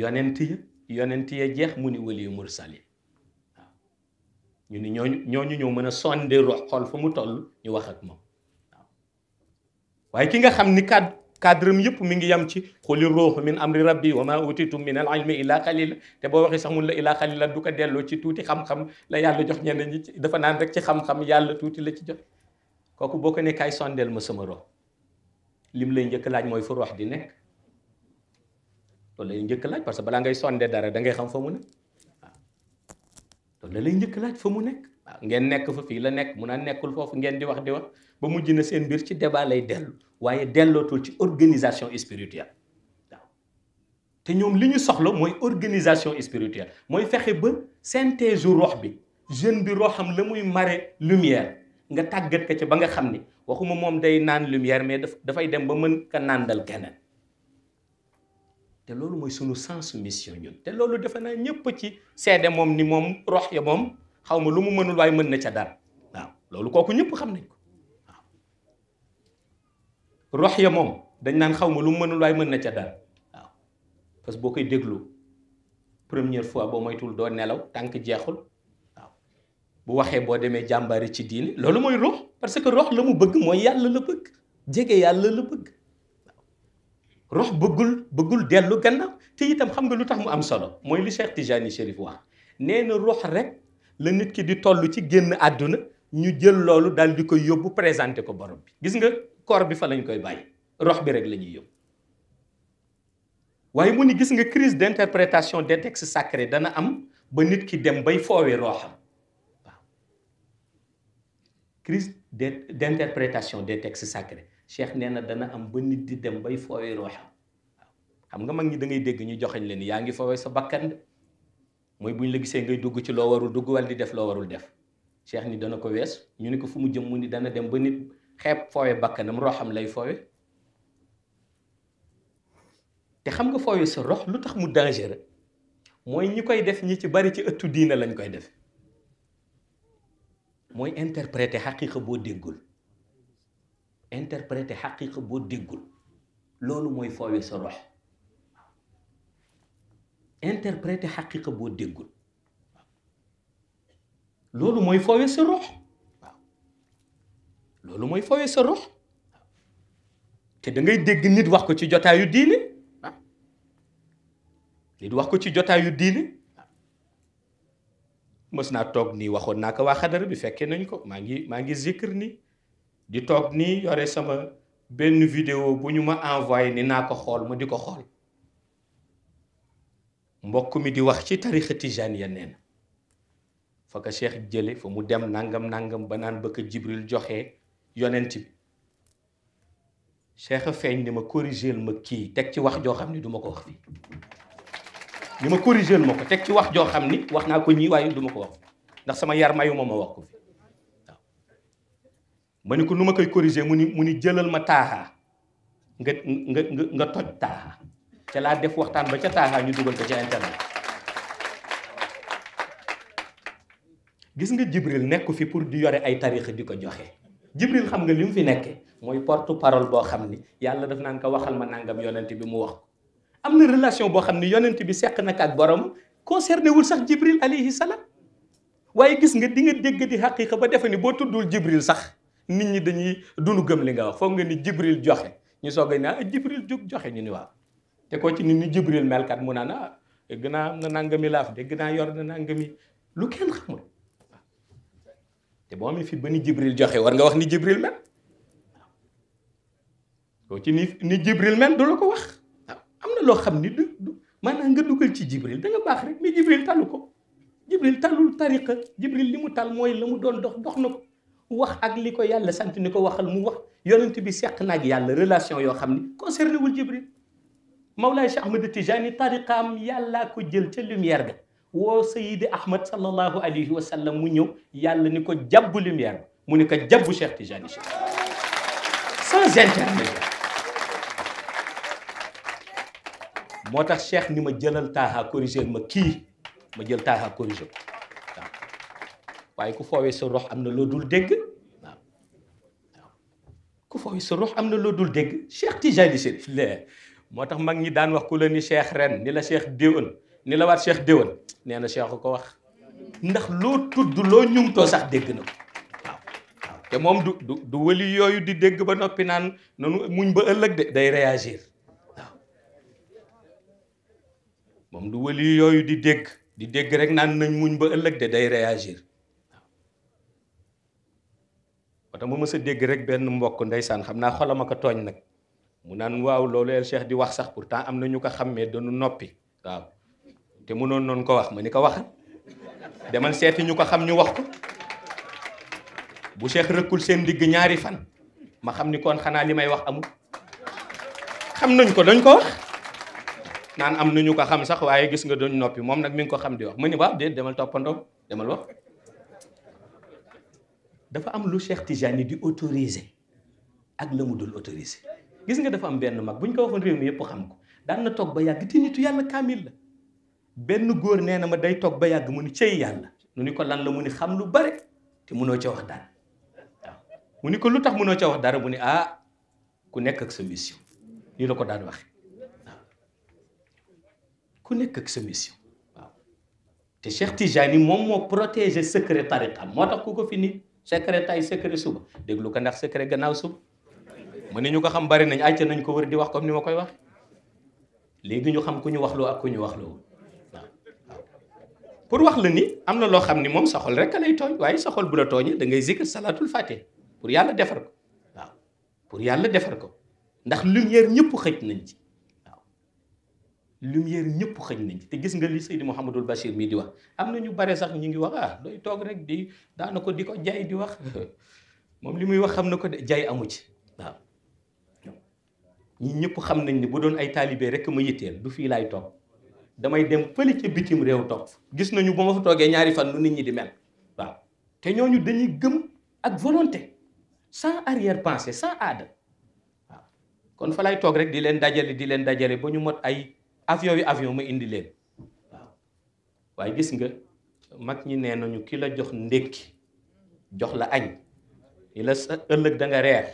yonent ya yonent ya jeex mu ni wali mursalin waaw ñu ni ñooñu ñooñu ñoo mën a sonde rox xool fa mu toll ñu wax ak moom waaye ki nga xam ni cadre cadre am yëpp mi ngi yam ci xuli ruux min amri rabbi wa ma utitum min al ilmi illa qalil te boo waxee sax mun la illa qalil du ko delloo ci tuuti xam-xam la yàlla jox ñenn ñi ci dafa naan rek ci xam-xam yàlla tuuti la ci jox kooku boo ko ne kaay sondeel ma sama rox lim lay njëkk laaj mooy fu rox di nekk loolu lay njëkk laaj parce que balaa ngay sondee dara dangay ngay xam fa mu nekk waaw loolu lay njëkk laaj fa mu nekk ngeen nekk fa fii la nekk mun a nekkul foofu ngeen di wax di wax ba mujj na seen mbir ci débat lay dellu waaye dellootul ci organisation spirituelle waaw te ñoom li ñu soxla mooy organisation spirituelle mooy fexe ba synthèse rox bi jeune bi roxam la muy mare lumière nga tàggat ko ci ba nga xam ni waxuma moom day naan lumière mais dafay dem ba mën ka nàndal keneen te loolu mooy sunu sensu mission ñun te loolu defe naa ñëpp ci seede moom ni moom rox ya moom xaw ma lu mu mënul waaye mën na ca dara waaw loolu kooku nañ ko. rox ya moom dañ naan xaw ma lu mënul waaye mën na ca dara waaw parce que boo koy déglu première fois boo moytul doo nelaw tànk jeexul waaw bu waxee boo demee jàmbaari ci diini loolu mooy rox parce que rox la mu bëgg mooy yàlla la bëgg jege yàlla la bëgg rox bëggul bëggul dellu gannaaw te itam xam nga lu tax mu am solo mooy li Cheikh Tijani Chérif wax nee na rox rek la nit ki di toll ci génn àdduna ñu jël loolu daal di koy yóbbu présenté ko borom bi gis nga. corps bi fa lañ koy bàyyi rox bi rek la ñuy yóbbu waaye mu ni gis nga crise d'interprétation des textes sacrés dana am ba nit ki dem bay foowee roxam waaw crise d'interprétation des textes sacrés Cheikh nee na dana am ba nit di dem bay foowee roxam xam nga mag ñi da ngay dégg ñu joxeñ leen yaa ngi foowee sa bakkan de mooy buñ la gisee ngay dugg ci loo warul dugg wala di def loo warul def Cheikh ni dana ko wees ñu ne ko fu mu jëm mu ni dana dem ba nit xeeb foowe bakkanam roxam lay foowe te xam nga foowe sa rox lu tax mu dangereux mooy ñi koy def ñi ci bari ci ëttu diina lañ koy def mooy interpréter xaqiiqa boo déggul interpréter xaqiiqa boo déggul loolu mooy foowe sa rox interpréter xaqiiqa boo déggul loolu mooy foowe sa rox loolu mooy fooyee sa ruux te dangay dégg nit wax ko ci jotaayu diine nit wax ko ci jotaayu diine mës naa toog nii waxoon naa ko waa xadara bi fekkee nañ ko maa ngi maa ngi zikr nii di toog nii yore sama benn vidéo bu ñu ma envoyé ni naa ko xool ma di ko xool mbokk mi di wax ci tarixa tijaaniya nee na fa ko jële fa mu dem nangam nangam ba naan bëgg jibril joxe yonent bi cheikh feeñ ni ma corrigeel ma kii teg ci wax joo xam ni duma ko wax fii ni ma corrigeel ma ko teg ci wax joo xam ni wax naa ko ñii waaye duma ko wax ndax sama yar mayu ma ma wax ko fii waaw ma ni ko nu ma koy corrigé mu ni mu ni jëlal ma taaxaa nga nga nga nga toj taaxaa ca laa def waxtaan ba ca taaxaa ñu dugal ko ca internet gis nga Jibril nekku fii pour di yore ay tarixa di ko joxe jibril xam nga li mu fi nekkee mooy porte parole boo xam ni yàlla daf naan ko waxal ma nangam yonent bi mu wax ko am na relation boo xam ni yonent bi seq na ak borom concerné wul sax jibril alayhi salaam waaye gis nga di nga dégg di xaqiqa ba defe ni boo tuddul jibril sax nit ñi dañuy dunu gëm li nga wax foog nga ni jibril joxe ñu soog a ne ah jibril jóg joxe ñu ni waaw te koo ci nit ñi jibril melkat mu naan ah gën a am na nangami laaf de gën a yor na nangami lu te boo amee fit ba ni Jibril joxe war nga wax ni Jibril mel ci ni ni Jibril mel du la ko wax am na loo xam ni du du maanaam nga dugal ci Jibril da nga baax rek mais Jibril tàllu ko Jibril tàllul tariqa Jibril li mu tal mooy la mu doon dox dox na ko wax ak li ko yàlla sant ni ko waxal mu wax yonent bi seq na yàlla relation yoo xam ni concerné wul Jibril Mawlaay Cheikh Ahmed Tijani yàlla yàllaa ko jël ci lumière ga woo sayidi ahmad sallallahu alayhi wa sallam mu ñu yàlla ni ko jàbb lumière ba mu ni ko jabbu Cheikh Tijani Cheikh moo tax cheikh ni ma jëlal taaha corrigé ma kii ma jël taaha corrigé ko waaw waaye ku foowee sa rox am na loo dul dégg waaw waaw ku am na loo dul dégg Cheikh Tijani moo tax mag ñi daan wax ku la ni cheikh ren ni la cheikh déwén ni la waat cheikh déwén nee na cheikh ko wax ndax loo tudd loo ñumtoo sax dégg na ko waaw te moom du du du wëli yooyu di dégg ba noppi naan muñ ba ëllëg day réagir waaw moom du wëli yooyu di dégg di dégg rek naan nañ muñ ba ëllëg de day réagir waaw wata ma mës a dégg rek benn mbokk ndeysaan xam naa xolam ak a tooñ nag mu naan waaw loolu el cheikh di wax sax pourtant am na ñu ko xàmmee dañu noppi waaw te mënoon noon ko wax ma ni ko wax demal seeti ñu ko xam ñu wax ko bu Cheikh rëkkul seen ndigg ñaari fan ma xam ni kon xanaa li may wax amul xam nañ ko dañ ko wax naan am na ñu ko xam sax waaye gis nga doon noppi moom nag mi ngi ko xam di wax ma ni waaw de demal toppandoo demal wax dafa am lu Cheikh Tijani di autorisé ak la mu dul autorisé gis nga dafa am benn mag bu ñu ko waxoon réew mi yëpp xam ko daan na toog ba yàgg te nitu yàlla kaamil la benn góor nee na ma day toog ba yàgg mu ni cëy yàlla nu ni ko lan la mu ni xam lu bare te munoo ca wax mu ni ko lu tax munoo ca wax dara mu ni ah ku nekk ak sa mission la ko daan waxe waaw ku nekk ak sa mission waaw te Cheikh Tijani moom moo protéger secret tariqa moo tax ku ko fi ni secret tay secret suba déglu ko ndax secret gannaaw suba mu ni ñu ko xam bari nañ àcc nañ ko wër di wax comme ni ma koy wax léegi ñu xam ku ñu wax loo ak ku ñu loo pour wax la ni am na loo xam ni moom soxol xol rek a lay tooñ waaye sa xol bu la tooñee da ngay salaatul fatih pour yàlla defar ko waaw pour yàlla defar ko ndax lumière ñépp xëj nañ ci waaw lumière ñëpp xëj nañ ci te gis nga li Seydi Mouhamadul Bachir mii di wax am na ñu bare sax ñu ngi wax ah doy toog rek di daana ko di ko jaay di wax *laughs* moom li muy wax xam na ko de jaay amu ci waaw ñi ñëpp xam nañ ni bu doon ay taalibee rek ma yitteel du fii laay toog damay dem fële ca bitim réew toog gis nañu ba ma fa toogee ñaari fan lu nit ñi di mel waaw te ñooñu dañuy gëm ak volonté sans arrière pensée sans aada waaw kon fa lay toog rek di leen dajale di leen dajale ba ñu mot ay avion yu avion ma indi leen waaw waaye gis nga mag ñi nee nañu ki la jox ndékki jox la añ yi la sa ëllëg danga nga reer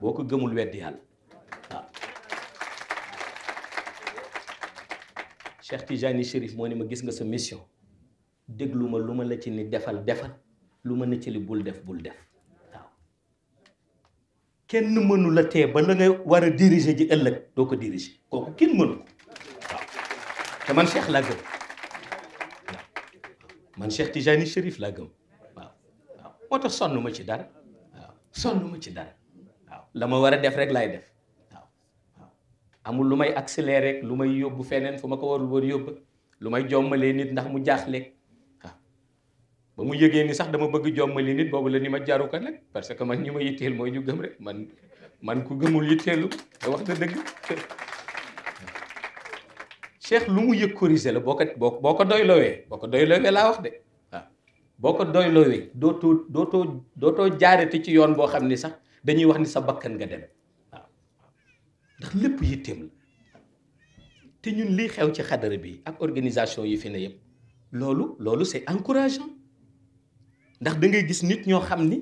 boo ko gëmul weddi yàlla Cheikh Tijani Chérif moo ni ma gis nga sa mission déglu ma lu ma la ci ni defal defal lu ma la ci bul def bul def waaw kenn mënu la tee ba la nga war a diriger ji ëllëg doo ko diriger kooku kenn mënu ko waaw te man Cheikh laa gëm waaw man Cheikh Tijani Chérif laa gëm waaw waaw moo tax sonn ma ci dara waaw sonn ma ci dara waaw la ma war a def rek laay def. amul lu may accéléré rek lu may yóbbu feneen fu ma ko warul woon yóbba lu may jommalee nit ndax mu jaaxle waaw ba mu yëgee ni sax dama bëgg jommali nit boobu la ni ma jaru ko nag parce que man ñi ma yitteel mooy ñu gëm rek man man ku gëmul yitteelu te wax na dëgg *laughs* cheikh lu mu yëg la boo ko boo boo ko doy boo ko doy laa wax de waaw boo ko doy lowee dootoo dootoo dootoo jaarete ci yoon boo xam ni sax dañuy wax ni sa bakkan nga dem ndax lépp yitteem la te ñun lii xew ci xadara bi ak organisation yi fi ne yëpp loolu loolu c'est encourageant ndax da ngay gis nit ñoo xam ni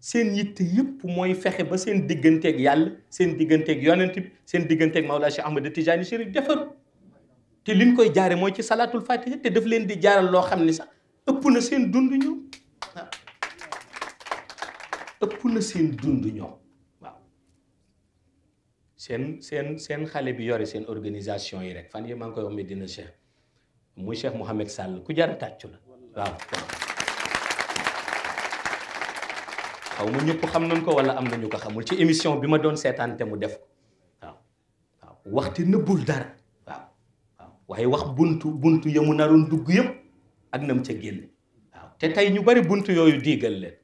seen yitte yëpp mooy fexe ba seen digganteeg yàlla seen digganteeg yonent bi seen digganteeg Mawlaa Cheikh Ahmad Tijaani Chérif defaru te liñ koy jaaree mooy ci salaatul fatiha te daf leen di jaaral loo xam ni sax ëpp na seen dund ñoom ëpp na seen dund ñoom seen seen seen xale bi yore seen organisation yi rek fan yi maa koy wax Medina Cheikh muy Cheikh Mouhamed Sall ku jar a tàccu la waaw xaw ma ñëpp xam nañ ko wala am na ñu ko xamul ci émission bi ma doon seetaan te mu def ko waaw waaw waxte nëbbul dara waaw waaw wax buntu buntu ya mu naroon dugg yëpp ak nam ca génn waaw te tey ñu bari buntu yooyu diigal leen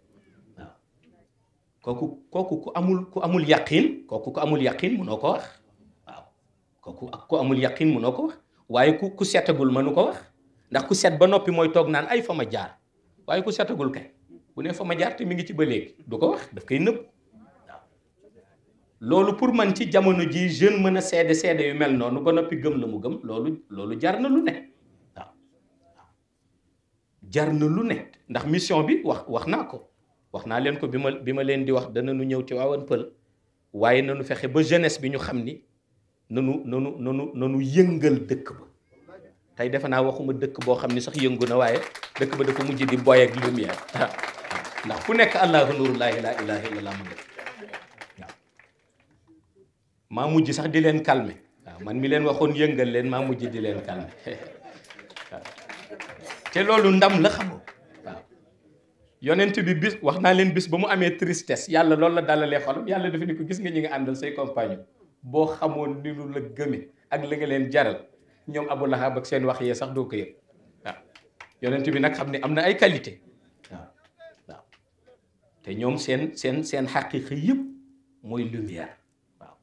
kooku kooku ku amul ku amul yaqin kooku ku amul yaqin noo ko wax waaw kooku ku amul yaqin mënoo ko wax waaye ku ku seetagul nu ko wax ndax ku set ba noppi mooy toog naan ay fa ma jaar waaye ku setagul kay bu ne fa ma jaar te mi ngi ci ba léegi du ko wax daf koy nëbb waaw loolu pour man ci jamono ji jeune mën a seede seede yu mel noonu ba noppi gëm la mu gëm loolu loolu jar na lu ne waaw jar na lu ne ndax mission bi wax wax naa ko wax naa leen ko bi ma bi ma leen di wax dana nu ñëw ci waawan pël waaye nanu fexe ba jeunesse bi ñu xam ni nanu nanu nanu nanu yëngal dëkk ba tey defe naa waxuma dëkk boo xam ni sax yëngu na waaye dëkk ba dafa mujj di boy ak lumière *laughs* ndax fu nekk allahu nurullahi la ilaha illallah mu maa mujj sax di leen calmer waaw man mi leen waxoon yëngal leen maa mujj di leen calmer *laughs* te loolu ndam la xam yonent bi bis wax naa leen bis ba mu amee tristesse yàlla loolu la dalalee xolam yàlla dafa ni ko gis nga ñi nga àndal say compagnon boo xamoon ni lu la gëme ak li nga leen jaral ñoom Abu Lahab ak seen wax yee sax doo ko yëg yonent bi nag xam ne am na ay qualité waaw te ñoom seen seen seen xaqiqa yëpp mooy lumière waaw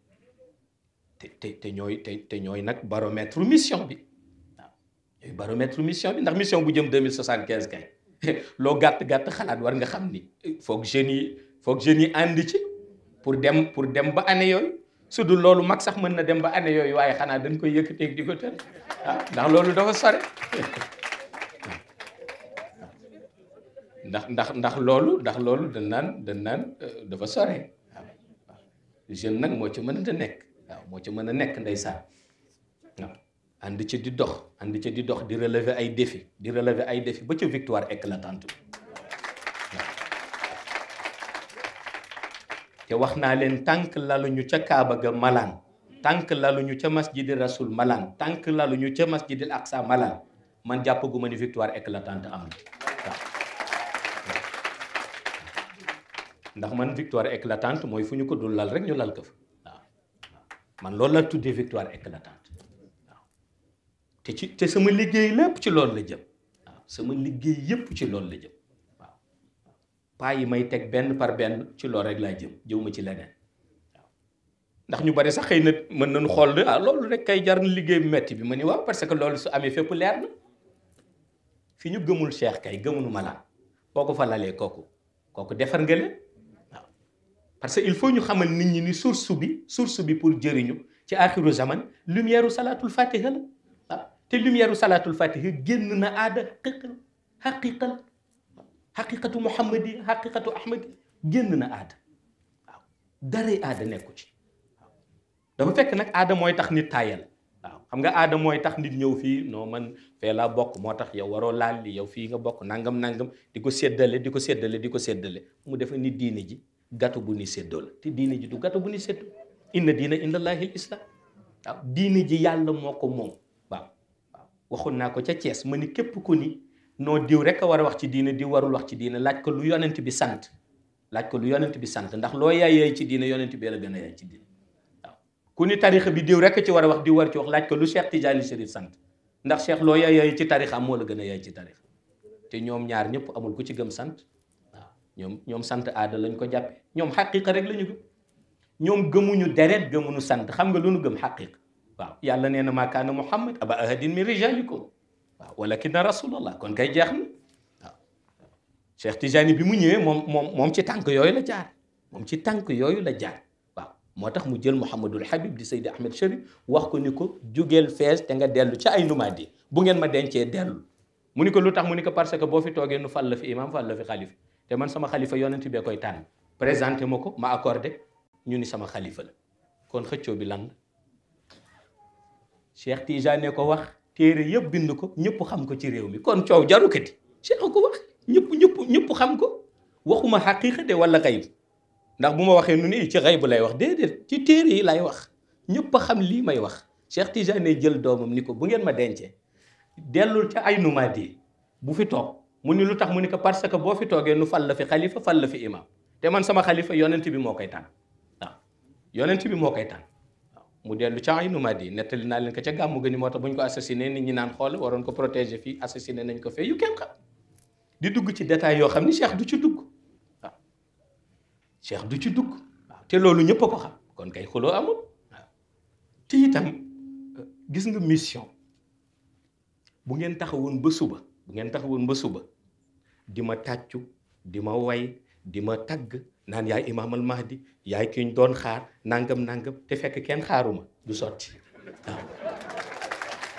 te te te ñooy te te ñooy nag baromètre mission bi waaw ñooy baromètre mission bi ndax mission bu jëm deux mille soixante quinze kay loo gàtt-gàtt xalaat war nga xam ni foog jeunes yi foog jeunes yi ànd ci pour dem pour dem ba année yooyu su dul loolu mag sax mën na dem ba année yooyu waaye xanaa dañ koy yëkkateeg di ko tër ah, ndax loolu dafa sore ndax ndax ndax loolu ndax loolu dañ naan dañ naan euh, dafa sore waaw jeune nag moo ci mën a nekk waaw moo ci mën a nekk ndeysaan ànd ci di dox ànd ci di dox di relever ay défi di relever ay défi ba ca victoire éclatante te wax naa leen tànk laluñu ca Kaaba ga malaan tànk ñu ca masjidi rasul malaan tànk ñu ca masjidil Aqsa malaan man jàppaguma ni victoire éclatante am na ndax man victoire éclatante mooy fu ñu ko dul lal rek ñu lal ko fa man loolu la tuddee victoire éclatante. te ci te sama liggéey lépp ci loolu la jëm waaw sama liggéey yépp ci loolu la jëm waaw yi may teg benn par benn ci loolu rek laa jëm jëw ma ci leneen ndax ñu bari sax xëy na mën nañu xool ne ah loolu liggéey bu metti bi ma ni waaw parce que loolu su amee fépp leer na fi ñu gëmul Cheikh kay ma malaan boo ko fa lalee kooku kooku defar nga leen waaw parce que il faut ñu xamal nit ñi ni source bi source bi pour jëriñu ci axiru zaman lumière salaatul fàtte la te lumière u salaatul fatiha génn na aada xaqiqal xaqiqal xaqiqatu muhammadi xaqiqatu ahmadi génn na aada waaw daree aada nekku ci waaw dafa fekk nag aada mooy tax nit tàyyal waaw xam nga aada mooy tax nit ñëw fii noo man fee laa bokk moo tax yow waroo laal li yow fii nga bokk nangam nangam di ko seddale di ko seddale di ko seddale mu defe ni diine ji gàttu bu ni séddoo la te diine ji du gàttu bu ni séddoo inna diina inda allahi l waaw diine ji yàlla moo ko moom waxoon naa ko ca Thiès ma ni képp ku ni noo diw rek a war a wax ci diina diw warul wax ci diina laaj ko lu yonent bi sant laaj ko lu yonent bi sant ndax loo yaay yaay ci diina yonent bee la gën a yaay ci diina waaw ku ni tarixa bi diw rek ci war a wax diw war ci wax laaj ko lu Cheikh Tidiane Chérif sant ndax Cheikh loo yaay yaay ci tarixa am moo la gën a yaay ci tarixa te ñoom ñaar ñëpp amul ku ci gëm sant waaw ñoom ñoom sant aada lañ ko jàppe ñoom xaqiqa rek la ñu gëm ñoom gëmuñu deret gëmuñu sant xam nga gëm xaqiqa waaw yàlla nee na maa kaana muhammad aba ahadin min rijalikum waaw walakina rasulallah kon kay jeex na waaw Cheikh bi mu ñëwee moom moom moom ci tànk yooyu la jaar moom ci tànk yooyu la jaar waaw moo tax mu jël Mouhamadul Habib di Seydi Ahmed Cherif wax ko ni ko jógeel fees te nga dellu ci ay numaadi bu ngeen ma dencee dellu mu ni ko lu tax mu ni ko parce que boo fi toogee nu fal la fi imam fal la fi xalifa te man sama xalifa yonent bee koy tànn présenté ma ko ma accordé ñu ni sama xalifa la kon xëccoo bi la Cheikh Tidiane ko wax téere yëpp bind ko ñëpp xam ko ci réew mi kon coow jaru ko di Cheikh ko wax ñëpp ñëpp ñëpp xam ko waxuma xaqiiqa de wala bi ndax bu ma waxee nu ne ci bu lay wax déedéet ci téere yi lay wax ñëpp xam lii may wax Cheikh Tidiane jël doomam ni ko bu ngeen ma dencee dellul ca ay numaadi bu fi toog mu ni lu tax mu ni ko parce que boo fi toogee nu fal la fi xalifa fal la fi imam te man sama xalifa yonent bi moo koy tànn yonent bi moo koy tànn mu dellu ca Aynu Madi nettali naa leen ko ca gàmmu gëni moo tax bu ñu ko assassiné nit ñi naan xool waroon ko protéger fii assassiné nañ ko fee yu kenn xam di dugg ci détail yoo xam ni cheikh du ci dugg waaw cheikh du ci dugg waaw te loolu ñëpp a ko xam kon kay xuloo amul waaw te itam euh, gis nga mission bu ngeen taxawoon ba suba bu ngeen taxawoon ba suba di ma tàccu di ma way di ma tagg naan yaay imaamal mahdi yaay ki ñu doon xaar nangam nangam te fekk kenn xaaruma du sotti waaw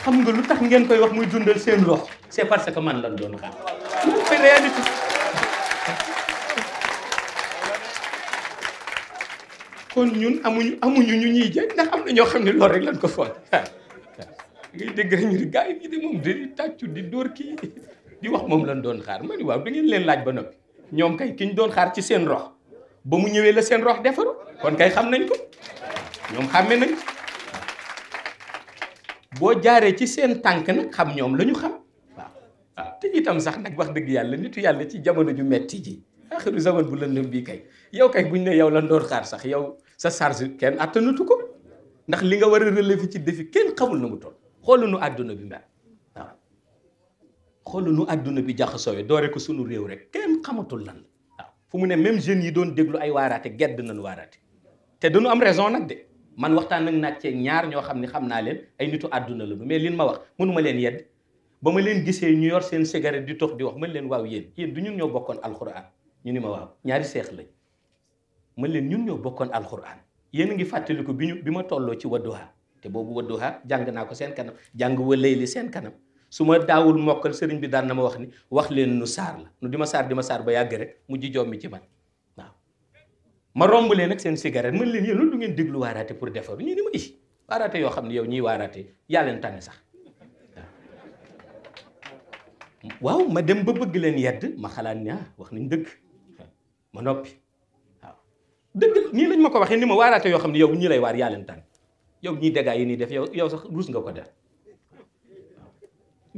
xam nga lu tax ngeen koy wax muy dundal seen rox c'est parce que man lan doon xaar c'est ñun amuñu amuñu ñu ñuy jeeg ndax am rek lañ ko foog dégg rek yi di tàccu di di wax moom lan doon xaar ma ni waaw da ngeen leen laaj ba noppi ñoom kay ki doon xaar ci seen rox ba mu ñëwee la seen rox defaru kon kay xam nañ ko ñoom xàmme nañ boo jaaree ci seen tànk nag xam ñoom la ñu xam waaw waaw itam sax nag wax dëgg yàlla nitu yàlla ci jamono ju metti ji axiru zaman bu lëndëm bii kay yow kay buñ ne yow la ndoor xaar sax yow sa charge kenn attanatu ko ndax li nga war a relever ci défi kenn xamul na mu toll xoolunu àdduna bi mel waaw xoolunu àdduna bi jaxasoo doore ko sunu réew rek kenn xamatul lan la fu mu ne même jeunes yi doon déglu ay waaraate gedd nañu waaraate te dañu am raison nag de man waxtaan nag naaj ce ñaar ñoo xam ne xam naa leen ay nitu àdduna la mais lin ma wax mënuma leen yedd ba ma leen gisee ñu yor seen cigarette di tox di wax mën leen waaw yéen yéen du ñun ñoo bokkoon alxuraan ñu ni ma waaw ñaari seex lañ mën leen ñun ñoo bokkoon alxuraan yéen a ngi fàttaliku bi bi ma tolloo ci wadduha te boobu wadduha jàng naa ko seen kanam jàng wëlay li seen kanam su ma daawul mokkal sëriñ bi daan na ma wax ni wax leen nu saar la nu di ma saar di ma saar ba yàgg rek mu mujj jommi ci man waaw ma romb leen ak seen cigarette mën leen yéen lu ngeen déglu waaraate pour ñu ni yoo xam ne yow ñiy waaraate yaa leen sax waaw ma dem ba bëgg leen yedd ma xalaat ni ah wax nañ dëgg ma noppi waaw dëgg nii lañ ma ko waxee ni ma waaraate yoo xam ne yow ñi lay waar yaa leen tane yow ñiy dégâts yi nii def yow yow sax ruus nga ko def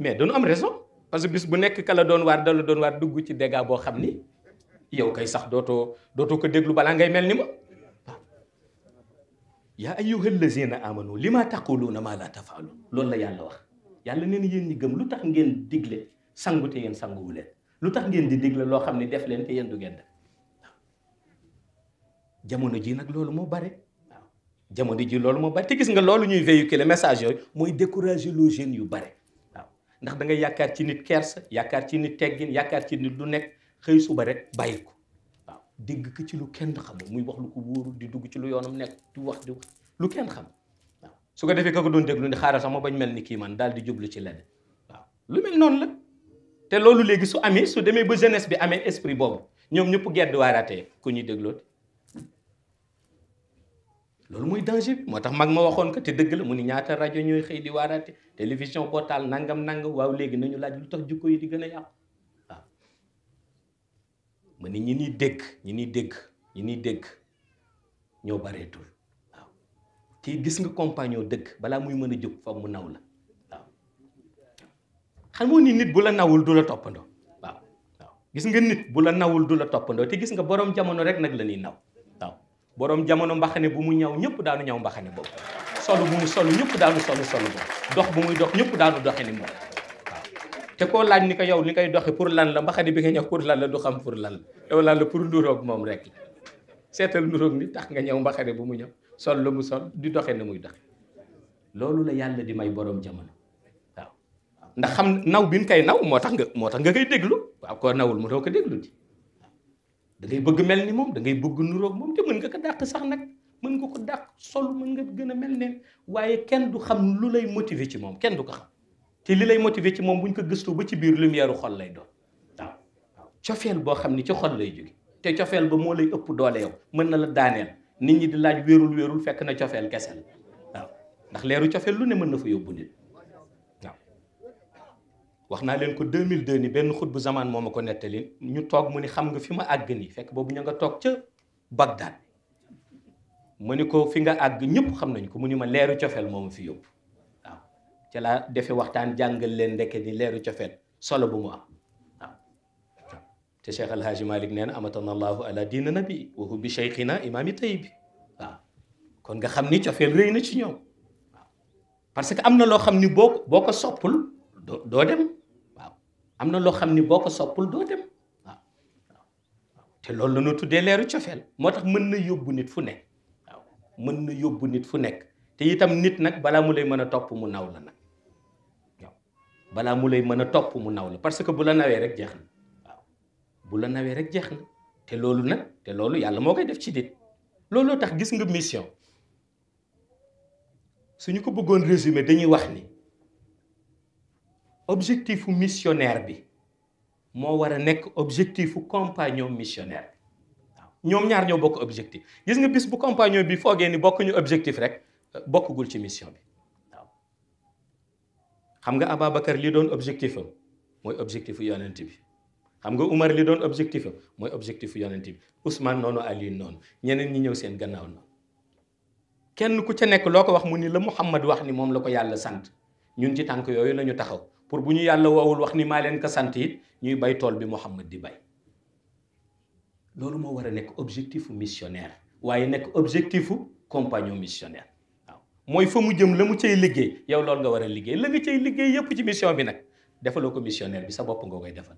mais dañu am raison parce que bis bu nekk ka la doon waar da la doon waar dugg ci dégâts boo xam ni yow kay sax dootoo dootoo ko déglu balaa ngay mel ni ma waaw yaa ayyuhal lazina amanu li ma taquluuna maa laa tafaaluun loolu la yàlla wax yàlla nee na yéen gëm lu tax ngeen digle sangu te yéen sanguwu leen lu tax ngeen di digle loo xam ne def leen te yéen du ngeen def jamono ji nag loolu moo bare waaw jamono ji loolu moo bare te gis nga loolu ñuy véhiculer message yooyu mooy décourager les jeunes yu bare ndax dangay yaakaar ci nit kersa yaakaar ci nit teggin yaakaar ci nit lu nekk xëy suba rek bàyyi ko waaw dégg ko ci lu kenn xamul muy wax lu ko wóorul di dugg ci lu yoonam nekk di wax di wax lu kenn xam waaw su ko defee ka ko doon déglu ni xaaral sax ma bañ mel ni kii man daal di jublu ci leneen waaw lu mel noonu la te loolu léegi su amee su demee ba jeunesse bi amee esprit boobu ñoom ñëpp gedd waaraatee ku ñuy dégloot loolu muy danger bi moo tax mag ma waxoon ko te dëgg la mu ni ñaata rajo ñooy xëy di waaraate télévision boo taal nangam nangam waaw léegi nañu laaj lu tax jukko yi di gën a yàqu waaw ma ni ñi ni dégg ñi ni dégg ñi ni dégg ñoo bareetul waaw gis nga compagnon dëgg balaa muy mën a jóg fa mu naw la xam moo ni nit bu la nawul du la toppandoo waaw waaw gis nga nit bu la nawul du la toppandoo te gis nga borom jamono rek nag la ñuy naw borom jamono mbaxane bu mu ñaw ñëpp daanu ñaw mbaxane boobu solu bu mu solu ñëpp daanu solu solu boobu dox bu muy dox ñëpp daanu doxe ni moom waaw te koo laaj ni ko yow li ngay doxe pour lan la mbaxane bi nga ñëw pour lan la du xam pour lan la yow lan pour nduroog moom rek seetal nduroog ni tax nga ñëw mbaxane bu mu ñëw sol la mu sol di doxe na muy doxe loolu la yàlla di may boroom jamono waaw ndax xam naw bi ñu koy naw moo tax nga moo tax nga koy déglu waaw koo nawul mu doo ko déglu ji da ngay bëgg mel ni moom da ngay bëgg nurook moom te mën nga ko dàq sax nag mën nga ko dàq sol mën nga gën a mel neen waaye kenn du xam lu lay motiver ci moom kenn du ko xam te li lay motiver ci moom buñ ko gëstoo ba ci biir lumière xol lay doon waaw waaw cofeel boo xam ni ci xol lay jóge te cofeel ba moo lay ëpp doole yow mën na la daaneel nit ñi di laaj wéerul wéerul fekk na cofeel kese la waaw ndax leeru cofeel lu ne mën na fa yóbbu nit wax naa leen ko 2002 ni benn xut bu zamaan moo ma ko nettali ñu toog mu ni xam nga fi ma àgg ni fekk boobu ñu nga toog ca Bagdad mu ni ko fi nga àgg ñëpp xam nañ ko mu ni ma leeru cofeel moom ma fi yóbbu waaw ca laa defe waxtaan jàngal leen ndekke ni leeru cofeel solo bu mu am waaw te Cheikh El Hadj Malick nee na amatana allahu ala diina nabi wa huwa bi cheikhina imaami tayibi waaw kon nga xam ni cofeel rëy na ci ñoom waaw parce que am na loo xam ni boo boo ko soppul doo dem. am na loo xam ni boo ko soppul doo dem waaw te loolu la ñu tuddee leeru cofeel moo tax mën na yóbbu nit fu nekk waaw mën na yóbbu nit fu nekk te itam nit nag balaa mu lay mën a topp mu naw la nag waaw balaa mu lay mën a topp mu naw la parce que bu la nawee rek jeex na waaw bu la nawee rek jeex na te loolu nag te loolu yàlla moo koy def ci nit looloo tax gis nga mission suñu ko bëggoon résumé dañuy wax ni objectifu missionnaire bi moo war a nekk objectifu compagnon missionnaire bi waaw ñoom ñaar ñoo bokk objectif gis nga bis bu compagnon bi foogee ni bokkuñu objectif rek euh, bokkugul ci mission bi waaw xam nga Ababacar li doon objectif mooy objectifu yonent bi xam nga Umar li doon objectif mooy objectifu yonent bi Ousmane noonu Ali noonu ñeneen ñi ñëw seen gannaaw noonu kenn ku ca nekk loo ko wax mu ni la Muhammad wax ni moom la ko yàlla sant ñun ci tànk yooyu la ñu taxaw pour bu ñu yàlla woowul wax ni maa leen ko sant it ñuy bay tool bi Muhammad di bay loolu moo war a nekk objectifu missionnaire waaye nekk objectifu compagnon missionnaire waaw mooy fa mu jëm la mu cay liggéey yow loolu nga war a liggéey la nga cay liggéey yépp ci mission bi nag defaloo ko missionnaire bi sa bopp nga koy defal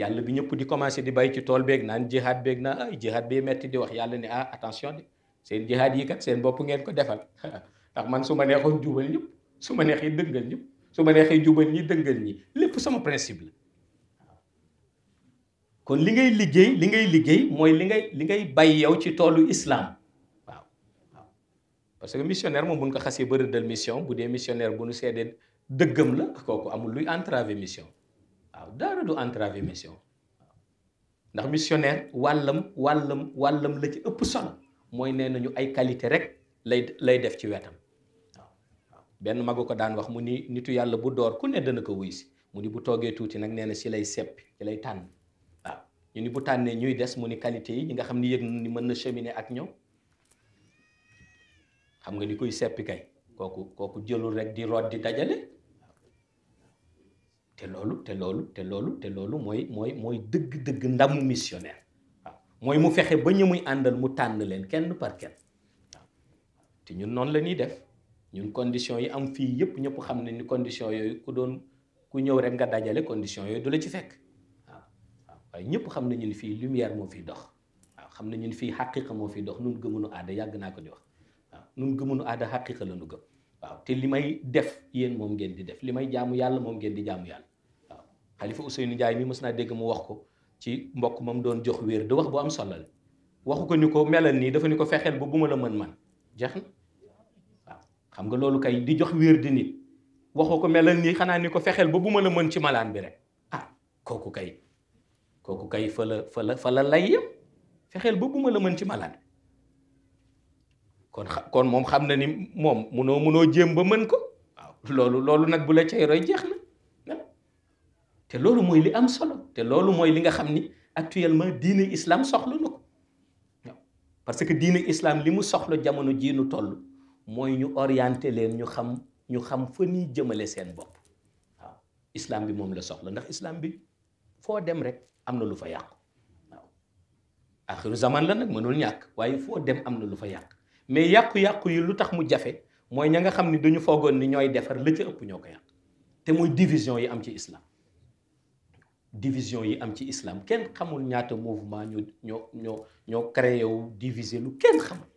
yàlla bi ñëpp di commencé di bay ci tool beeg naan jihaad beeg naa ay jihaad bee metti di wax yàlla ne ah attention bi seen jihaad yi kat seen bopp ngeen ko defal *laughs* ndax man su ma neexoon jubal ñëpp su ma neex yi dëngal ñëpp su ma neexee jubal ñi dëngal ñi lépp sama principe la kon li ngay liggéey li ngay liggéey mooy li ngay li ngay bay yow ci toolu islam waaw waaw parce que missionnaire moom buñ ko xasee ba rëddal mission bu dee missionnaire bu nu seedee dëggam la kooku amul luy entravé mission waaw dara du entravé mission ndax missionnaire wàllam wàllam wàllam la ci ëpp solo mooy nee nañu ay qualité rek lay lay def ci wetam benn magu ko daan wax mu ni nitu yàlla bu door ku ne dana ko wuy si mu ni bu toogee tuuti nag nee na si lay seppi si lay tànn waaw ñu ni bu tànnee ñuy des mu ni qualité yi ñi nga xam ni yëg ni mën na cheminer ak ñoom xam nga ni kuy seppi kay kooku kooku jëlul rek di root di dajale te loolu te loolu te loolu te loolu mooy mooy mooy dëgg-dëgg ndamu missionnaire waaw mooy mu fexe ba ñu muy àndal mu tànn leen kenn par kenn waaw te ñun noonu la ñuy def ñun condition yi am fii yëpp ñëpp xam nañ ni condition yooyu ku doon ku ñëw rek nga dajale condition yooyu du la ci fekk waaw waaye ñëpp xam nañu ni fii lumière moo fiy dox waaw xam nañu ni fii xaqiqa moo fiy dox nun nu aada yàgg naa ko di wax waaw nun gëmunu aada xaqiqa la nu gëm waaw te li may def yéen moom ngeen di def li may jaamu yàlla moom ngeen di jaamu yàlla waaw xalifa Ousseynou Ndiaye mi mës naa dégg mu wax ko ci mbokk moom doon jox wér di wax bu am solo la waxu ko ni ko melal ba bu ma la mën man jeex xam nga loolu kay di jox wér di nit waxoo ko melal nii xanaa ni ko fexeel ba bu ma la mën ci malaan bi rek ah kooku kay kooku kay fa la fa la fa la lay yem fexeel ba bu ma la mën ci malaan kon kon kon moom xam na ni moom munoo munoo jéem ba mën ko waaw loolu loolu nag bu la cay roy jeex na te loolu mooy li am solo te loolu mooy li nga xam ni actuellement diine islam soxla na ko parce que diine islam li mu soxla jamono jii nu toll mooy ñu orienté leen ñu xam ñu xam fa ñuy jëmale seen bopp waaw islam bi moom la soxla ndax islam bi foo dem rek am na lu fa yàqu waaw axiru zaman la nag mënul ñàkk waaye foo dem am na lu fa yàq mais yàqu-yàqu yi lu tax mu jafe mooy ña nga xam ni dañu foogoon ni ñooy defar la ca ëpp ñoo ko yàq te mooy division yi am ci islam division yi am ci islaam kenn xamul ñaata mouvement ñoo ñoo ñoo ñoo wu diviser lu kenn xamul.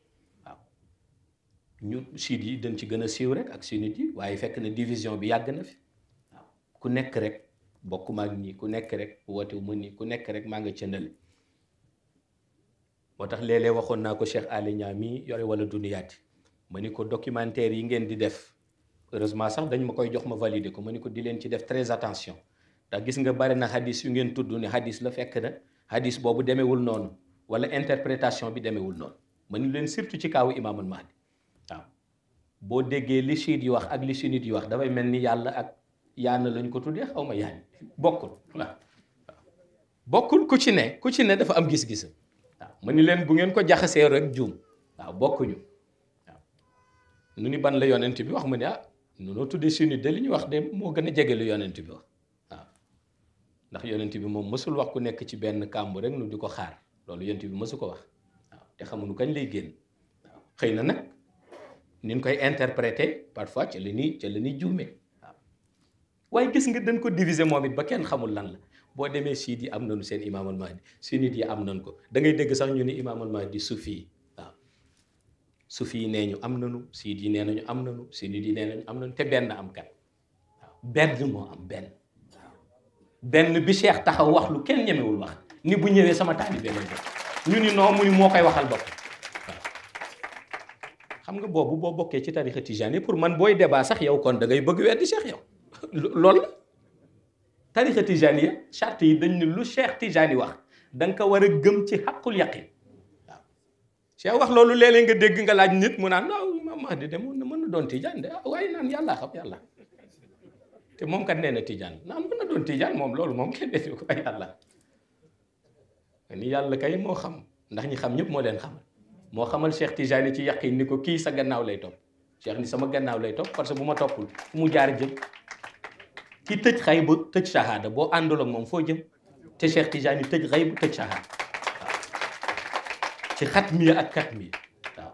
ñu siit yi dañ ci gën a siiw rek ak sunnit yi waaye fekk na division bi yàgg na fi waaw ku nekk rek bokk maag ñii ku nekk rek woote wu ma nii ku nekk rek maa nga ca moo tax léeg-léeg waxoon naa ko Cheikh Aly Niang mi yore wala duniyaati ma ni ko documentaire yi ngeen di def heureusement sax dañ ma koy jox ma valider ko ma ni ko di leen ci def très attention ndax gis nga bari na hadis yu ngeen tudd ne hadis la fekk na hadis boobu demewul noonu wala interprétation bi demewul noonu ma ni leen surtout ci kaawu Imaamul Mahdi boo déggee li chiite yi wax ak li sunnite yi wax dafay mel ni yàlla ak yaana lañ ko tuddee xaw ma yaan bokkul waaw bokkul ku ci ne ku ci ne dafa am gis-gis waaw ma ni leen bu ngeen ko jaxasee rek juum waaw bokkuñu waaw nu ni ban la yonent bi wax ma ne ah nunoo tuddee sunnite de li ñu wax de moo gën a jege lu yonent bi wax waaw ndax yonent bi moom mësul wax ku nekk ci benn kàmb rek nu di ko xaar loolu yonent bi mësu ko wax waaw te xamuñu kañ lay génn na nag ni koy interpréter parfois ca la ñuy ca la ñuy juumee waaw waaye gis nga dañ ko diviser moom it ba kenn xamul lan la boo demee siit yi am nañu seen imaamul mahdi sunnit yi am nañ ko da ngay dégg sax ñu ni imaamul mahdi sufi yi waaw sufi ñu am nañu siit yi nee nañu am nañu sunnit yi nee nañu am nañu te benn am kat waaw benn moo am benn benn bi Cheikh taxaw wax lu kenn ñemewul wax ni bu ñëwee sama taalibe lañ ko ñu ni non ni moo koy waxal bopp xam nga boobu boo bokkee ci tarixa tijaan yi pour man booy débat sax yow kon da ngay bëgg weddi cheikh yow loolu la tarixa tijaan yi charte yi dañ ne lu cheikh tijaan yi wax danga nga ko war a gëm ci xaqul yaqin waaw cheikh wax loolu léeg-léeg nga dégg nga laaj nit mu naan waaw Imam Mahdi de mën na mën na doon tijaan de ah, waaye naan yàlla xam yàlla te moom kat nee na tijaan naan mën na doon tijaan moom loolu moom kenn defi ko ay yàlla ni yàlla kay moo xam ndax ñi xam ñëpp moo leen xamal moo xamal Cheikh Tijani ci yàqin ni ko kii sa gannaaw lay topp Cheikh ni sama gannaaw lay topp parce que bu ma toppul fu mu jaar jëm ci tëj xay bu tëj shahada boo àndul ak moom foo jël te Cheikh Tijani tëj xay bu tëj shahada waaw ci xat mi ak xat mi waaw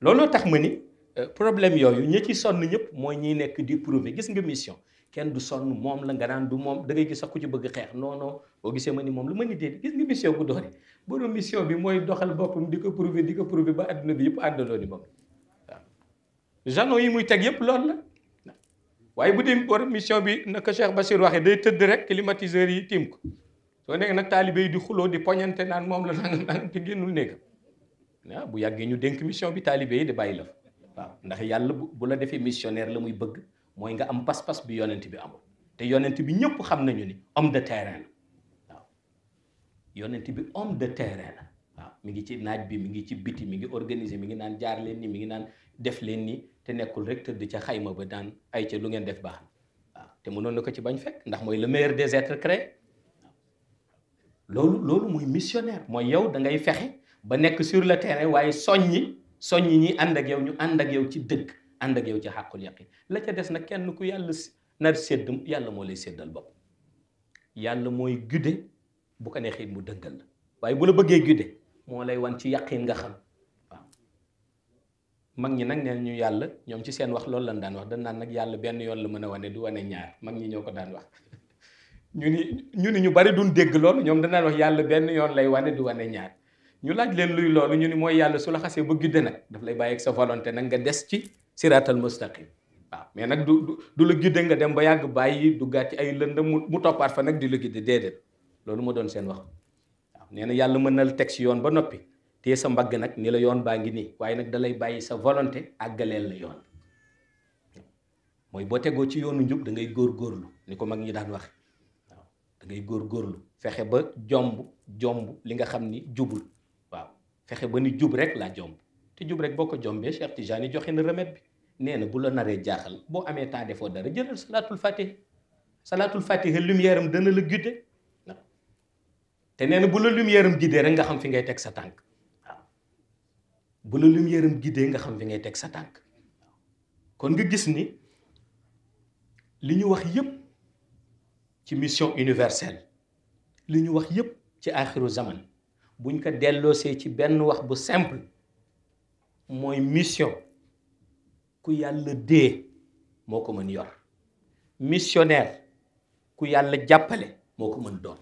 looloo tax ma ni euh, problème yooyu ñi ci sonn ñëpp mooy ñiy nekk di prouver gis nga mission kenn du sonn moom la nga naan du moom da ngay gis sax ku ci bëgg xeex non non gisee ma ni moom lu ma ni déedéet gis nga mission bu doori bi mooy doxal boppam di ko prouver di ko prouver ba adduna bi yëpp àndandoo ni yi muy teg yëpp loolu la waaye bu dee borom mission bi naka Cheikh Bassir waxee day tëdd rek climatiseur yi tiim soo nekk nag taalibe yi di xuloo di poñante naan moom la naan naan te génnul néeg bu yàggee ñu dénk mission bi taalibe yi di bàyyi la fa waaw ndax yàlla bu la defee missionnaire la muy bëgg mooy nga am pas-pas bi yonent bi amul te yonent bi ñëpp xam nañu ni homme de terrain la waaw yonent bi homme de terrain la waaw mu ngi ci naaj bi mi ngi ci biti mi ngi organisé mi ngi naan jaar leen nii mi ngi naan def leen ni te nekkul recteur di ca xayma ba daan ay ci lu ngeen def baax na waaw te mënoon na ko ci bañ fekk ndax mooy le meilleur des êtres créés loolu loolu muy missionnaire mooy yow da ngay fexe ba nekk sur le terrain waaye soñ soññi ñi ànd ak yow ñu ànd ak yow ci dëgg ànd ak yow ci xàqul yaqin la ca des na kenn ku yàlla nar sedd yàlla moo lay séddal bopp yàlla mooy gudde bu ko neexee mu dëngal la waaye bu la bëggee gudde moo lay wan ci yaqin nga xam waaw mag ñi nag neen ñu yàlla ñoom ci seen wax loolu lañ daan wax dañ naan nag yàlla benn yoon la mën a wane du wane ñaar mag ñi ñoo ko daan wax *laughs* ñu ni ñu bari duñ dégg loolu ñoom danaan wax yàlla benn yoon lay wane di wane ñaar ñu laaj leen luy loolu ñu ni mooy yàlla su la xasee ba gudde nag daf lay bàyyi ak sa volonté nag nga des ci siraatal mustaqim waaw mais nag du du la gidde nga dem ba yàgg bàyyi duggaat ci ay lëndëm mu toppaat fa nag di la gidde déedéet loolu ma doon seen wax waaw nee na yàlla mën na teg si yoon ba noppi te sa mbagg nag ni la yoon baa ngi nii waaye nag dalay bàyyi sa volonté àggaleel la yoon mooy boo tegoo ci yoonu njub da ngay góorlu ni ko mag ñi daan wax waaw da ngay góorlu fexe ba jomb jomb li nga xam ni jubul waaw fexe ba ni jub rek laa jomb te jub rek boo ko jombee Cheikh Tijani joxe na remède bi nee na bu la naree jaaxal boo amee temps defoo dara jëlal salaatul fatiha salaatul fatiha lumière am dana la guider te nee na bu la lumière am guider rek nga xam fi ngay teg sa tànk waaw bu la lumière nga xam fi ngay teg sa tànk kon nga gis ni li ñu wax yépp ci mission universelle li ñu wax yépp ci aaxiru zaman buñ ko delloosee ci benn wax bu simple mooy mission ku yàlla dee moo ko mën yor missionnaire ku yàlla jàppale moo ko mën doon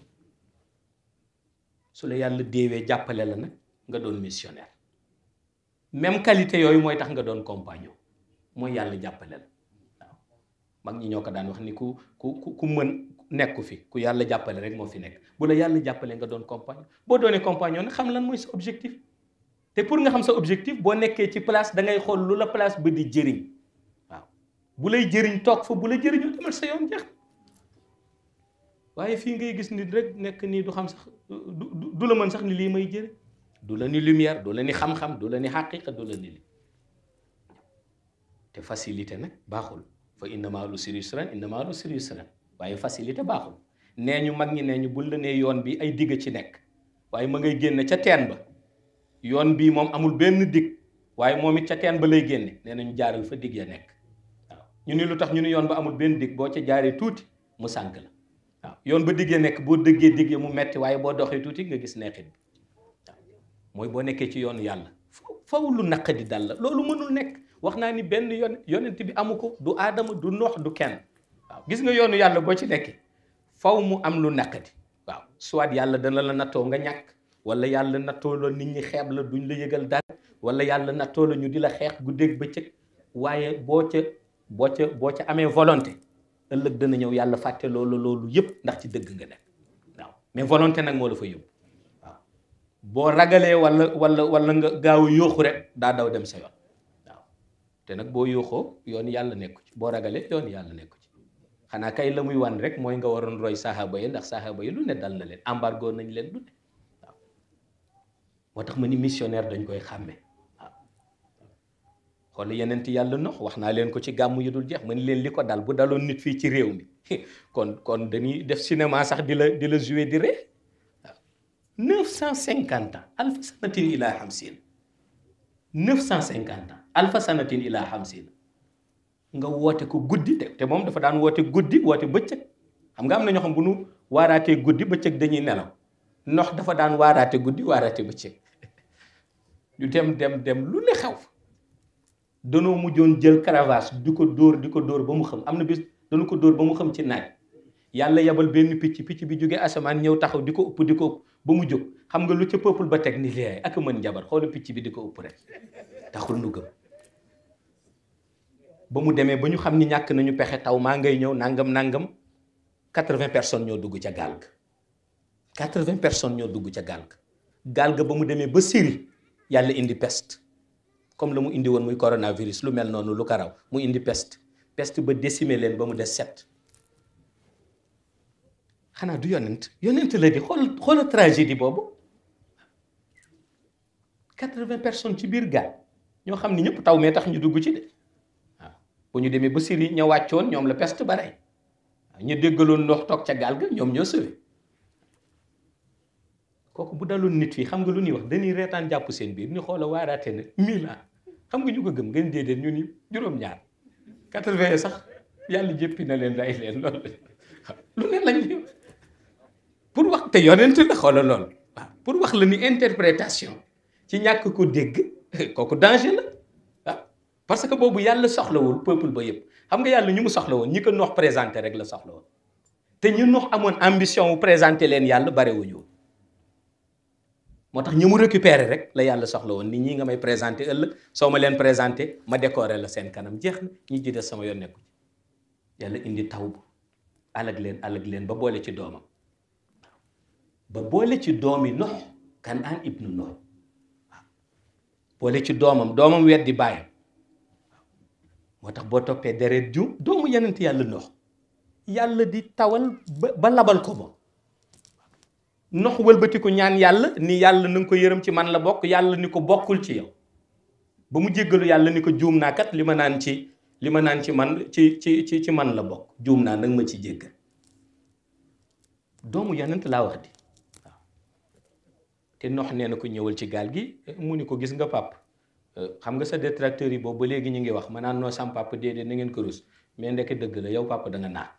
su la yàlla deewee jàppale la nag nga doon missionnaire même qualité yooyu mooy tax nga doon compagnon mooy yàlla jàppale la mag ñi ñoo ko daan wax ni ku ku ku mën nekku fi ku yàlla jàppale rek moo fi nekk bu la yàlla jàppale nga doon compagnon boo doonee compagnon nag xam lan mooy sa objectif te pour nga xam sa objectif boo nekkee ci place da ngay xool lu la place ba di jëriñ waaw bu lay jëriñ toog fa bu la jëriñu demal sa yoon jeex waaye fii ngay gis nit rek nekk nii du xam sax du la mën sax ni lii may jëriñ du la ni lumière du la ni xam-xam du la ni xaqiqa du la ni li te facilité nag baaxul fa inna maa l'usri yusran inna maa l'usri yusran waaye facilité baaxul nee ñu mag ñi nee ñu bu la nee yoon bi ay digg ci nekk waaye ma ngay génn ca teen ba yoon bii moom amul benn digg waaye moom it ca teen ba lay génne nee nañu jaaral fa digg ya nekk waaw ñu ni lu tax ñu ni yoon ba amul benn digg boo ca jaaree tuuti mu sànk la waaw yoon ba digg ya nekk boo diggee digg ya mu metti waaye boo doxee tuuti nga gis neexit bi mooy boo nekkee ci yoonu yàlla faw lu naqadi dal la loolu mënul nekk wax naa ni benn yoon yonent bi amu ko du aadama du noox du kenn waaw gis nga yoonu yàlla boo ci nekkee fow mu am lu naqadi waaw soit yàlla dana la nattoo nga ñàkk wala yàlla nattoo la nit ñi xeeb la duñ la yëgal dara wala yàlla nattoo la ñu di la xeex ba bëccëg waaye boo ca boo ca boo ca amee volonté ëllëg dana ñëw yàlla fàtte loolu loolu yëpp ndax ci dëgg nga nekk waaw mais volonté nag moo la fa yóbbu waaw boo ragalee wala wala wala nga gaaw a rek daa daw dem sa yoon waaw te nag boo yooxoo yoon yàlla nekku ci boo ragalee yoon yàlla nekku ci xanaa kay la muy wan rek mooy nga waroon roy saxaaba yi ndax saxaaba yi ne dal leen embargo nañ leen moo tax ma ni missionnaire dañ koy xàmme waaw ah. yeneen ti yàlla nox wax naa leen ko ci gàmmu yu dul jeex ma ni leen li ko dal bu daloon nit fii ci réew mi *laughs* kon kon dañuy def cinéma sax di la di la jouer di ree waaw ah. neuf cent cinquante ans alfa sanatin ila hamsin neuf nga woote ko guddi te moom dafa daan woote guddi woote bëccëg xam nga am na ñoo xam bu nu waaraatee guddi bëccëg dañuy nelaw ndox dafa daan waaraate guddi waaraate bëccëg ñu dem dem dem lu ne xew danoo mujjoon jël caravage di ko dóor di ko dóor ba mu xam am na bis dañu ko dóor ba mu xam ci naaj yàlla yebal benn picc picc bi jógee asamaan ñëw taxaw di ko ëpp di ko ëpp ba mu jóg xam nga lu ca peuple ba teg ak mën njabar xoola picc bi di ko ëpp rek taxul nu ba mu demee ba ñu xam ni ñàkk nañu pexe taw maa ngay ñëw nangam nangam quatre-vingts personnes ñoo dugg ca gaal ga quatre-vingts personnes ñoo dugg ca gaal ga gaal ga ba mu demee ba Syrie yàlla indi pest comme la mu indi woon muy coronavirus lu mel noonu lu ko raw mu indi peste peste ba décimer leen ba mu des sept xanaa du yonent yonent la di xool xoola tragédie boobu quatre-vingts personnes ci biir gaal ñoo xam ne ñëpp taw mee tax ñu dugg ci de waaw bu ñu demee ba Syrie ña wàccoon ñoom la peste ba rey ñu déggaloon ndox toog ca gaal ga ñoom ñoo sauvé kooku bu daloon nit fii xam nga lu ñuy wax dañuy reetaan jàpp seen biir ñu xoola waaraatee na mille ans xam nga ñu ko gëm ngeen déedéet ñu ni juróom-ñaar quatre sax yàlla jéppi na leen rey leen loolu lu ne pour wax te yonent la xoola lool waaw pour wax la ni interprétation ci ñàkk ko dégg kooku danger la waaw parce que boobu yàlla soxlawul peuple ba yëpp xam nga yàlla ñu mu soxla woon ñi ko noox présenté rek la soxla woon te ñu noox amoon ambition wu présenté leen yàlla barewuñu moo tax ñi mu rek la yàlla soxla woon nit ñi nga may présenté ëllëg soo ma leen présenté ma décoré la seen kanam jeex na ñi ci des sama yoon nekku ci yàlla indi taw bu alag leen alag leen ba boole ci doomam ba boole ci doomi nox kan aan ibnu boole ci doomam doomam weddi bàyyam moo tax boo toppee deret ju doomu yenent yàlla nox yàlla di tawal ba labal ko moom nox walbatiku ñaan yàlla ni yàlla na nga ko yërëm ci man la bokk yàlla ni ko bokkul ci yow ba mu jéggalu yàlla ni ko juum naa kat li ma naan ci li ma naan ci man ci ci ci ci man la bokk juum naa nag ma ci jéggal doomu yonent laa wax di te nox nee na ko ñëwal ci gaal gi mu ni ko gis nga pap euh, xam nga sa détracteurs yi boobu ba léegi ñu ngi wax ma naan noo sam pap déedéet na ngeen ko rus mais ndekk dëgg la yow pap da nga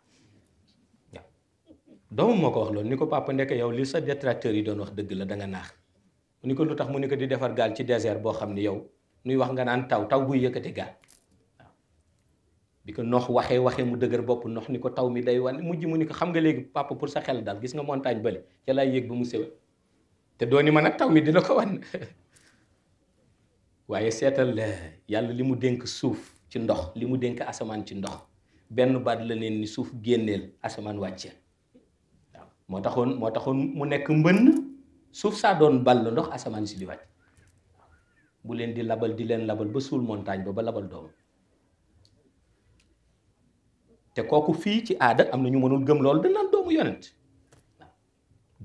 doomam moo ko wax loolu ni ko papa ndeke yow li sa détracteurs yi doon wax dëgg la da naax ni ko lu tax mu ni ko di defar gaal ci désert boo xam ni yow nuy wax nga naan taw taw buy yëkkati gaal waaw bi ko nox waxee waxee mu dëgër bopp nox ni ko taw mi day wane mujj mu ni ko xam nga léegi papa pour sa xel daal gis nga montagne bële ca laay yéeg ba mu sewe te doo ni ma nag taw mi dina ko wan *laughs* waaye seetal yàlla li mu denk suuf ci ndox li mu dénk asamaan ci ndox benn baat la neen ni suuf génneel asamaan wàcceel moo taxoon moo taxoon mu nekk mbënn suuf saa doon ball ndox asamaan si di wàcc bu leen di labal di leen labal ba suul montagne ba ba labal doom te kooku fii ci aada am na ñu mënul gëm loolu dañ naan doomu yonent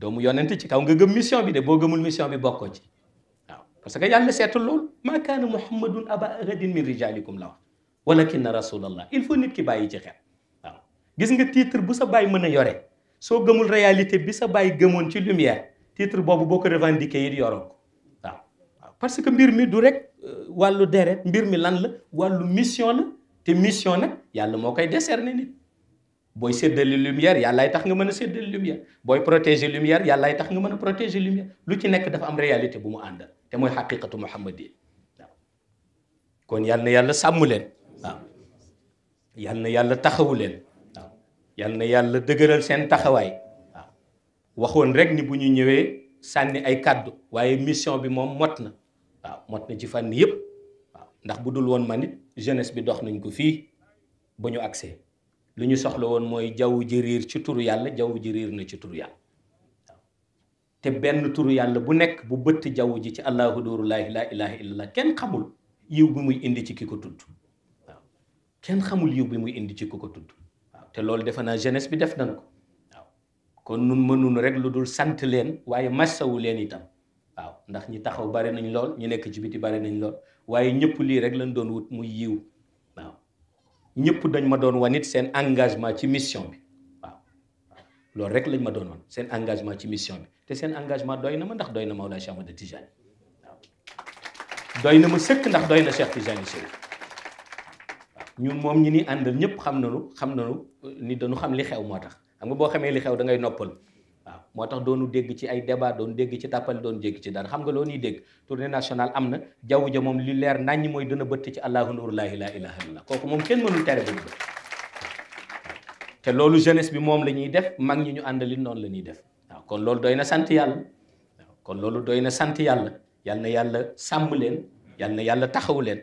doomu yonent ci kaw nga gëm mission bi de boo gëmul mission bi bokkoo ci waaw parce que yàlla seetul loolu maa kaana muhammadun aba ahadin min rijalikum la wax walakinna rasulallah il faut nit ki bàyyi ci xel waaw gis nga titre bu sa bàyyi mën a yore soo gëmul réalité bi sa bàyyi gëmoon ci lumière titre boobu boo ko revendiqué it yoroo ko waaw parce que mbir mi du rek euh, wàllu deret mbir mi lan la wàllu mission la te mission nag yàlla moo koy décerner nit booy séddale lumière yàllaay tax nga mën a séddale lumière booy protéger lumière yàllaay tax nga mën a protéger lumière lu ci nekk dafa am réalité bu mu àndal te mooy xaqiqatu muhammadin waaw kon yàlla na yàlla sàmm leen waaw yàlla na yàlla taxawu leen yal na yàlla dëgëral seen taxawaay waaw waxoon rek ni bu ñu ñëwee sànni ay kàddu waaye mission bi moom mot na waaw mot na ci fànn yëpp waaw ndax bu dul woon man it jeunesse bi dox nañ ko fii ba ñu agsee lu ñu soxla woon mooy jaww ji riir ci turu yàlla jaww ji riir na ci turu yàlla te benn turu yàlla bu nekk bu bëtt jaww ji ci allahu dooru laahi laa ilaha kenn xamul yiw bi muy indi ci ki ko tudd waaw kenn xamul yiw bi muy indi ci ki ko tudd te loolu defe naa jeunesse bi def nañ ko waaw kon nun mënunu rek lu dul sant leen waaye massawu leen itam waaw ndax ñi taxaw bari nañ lool ñu nekk ci biti bari nañ lool waaye ñëpp lii rek lañ doon wut muy yiw waaw ñëpp dañ ma doon it seen engagement ci mission bi waaw loolu rek lañ ma doon wan seen engagement ci mission bi te seen engagement doy na ma ndax doy na Mawlana Cheikh Ahmad Tijani waaw doy na ma sëkk ndax doy na Cheikh Tijani Chérif ñun moom ñi ni àndal ñëpp xam na nañu xam na nañu euh, ni dañu xam li xew moo tax xam nga boo xamee li xew da ngay noppal waaw moo tax doonu dégg ci ay débat doon dégg ci tàppale doon dégg ci dara xam nga loo ñuy dégg tournée nationale am na jaww ja moom li leer naññ mooy dana bëtt ci allahu nuur laa ilaaha illallah kooku moom kenn mënul tere bu te loolu jeunesse bi moom la ñuy def mag ñi ñu àndali noonu la ñuy def waaw kon loolu doy na sant yàlla waaw kon loolu doy na sant yàlla yal na yàlla sàmm leen yal na yàlla taxaw leen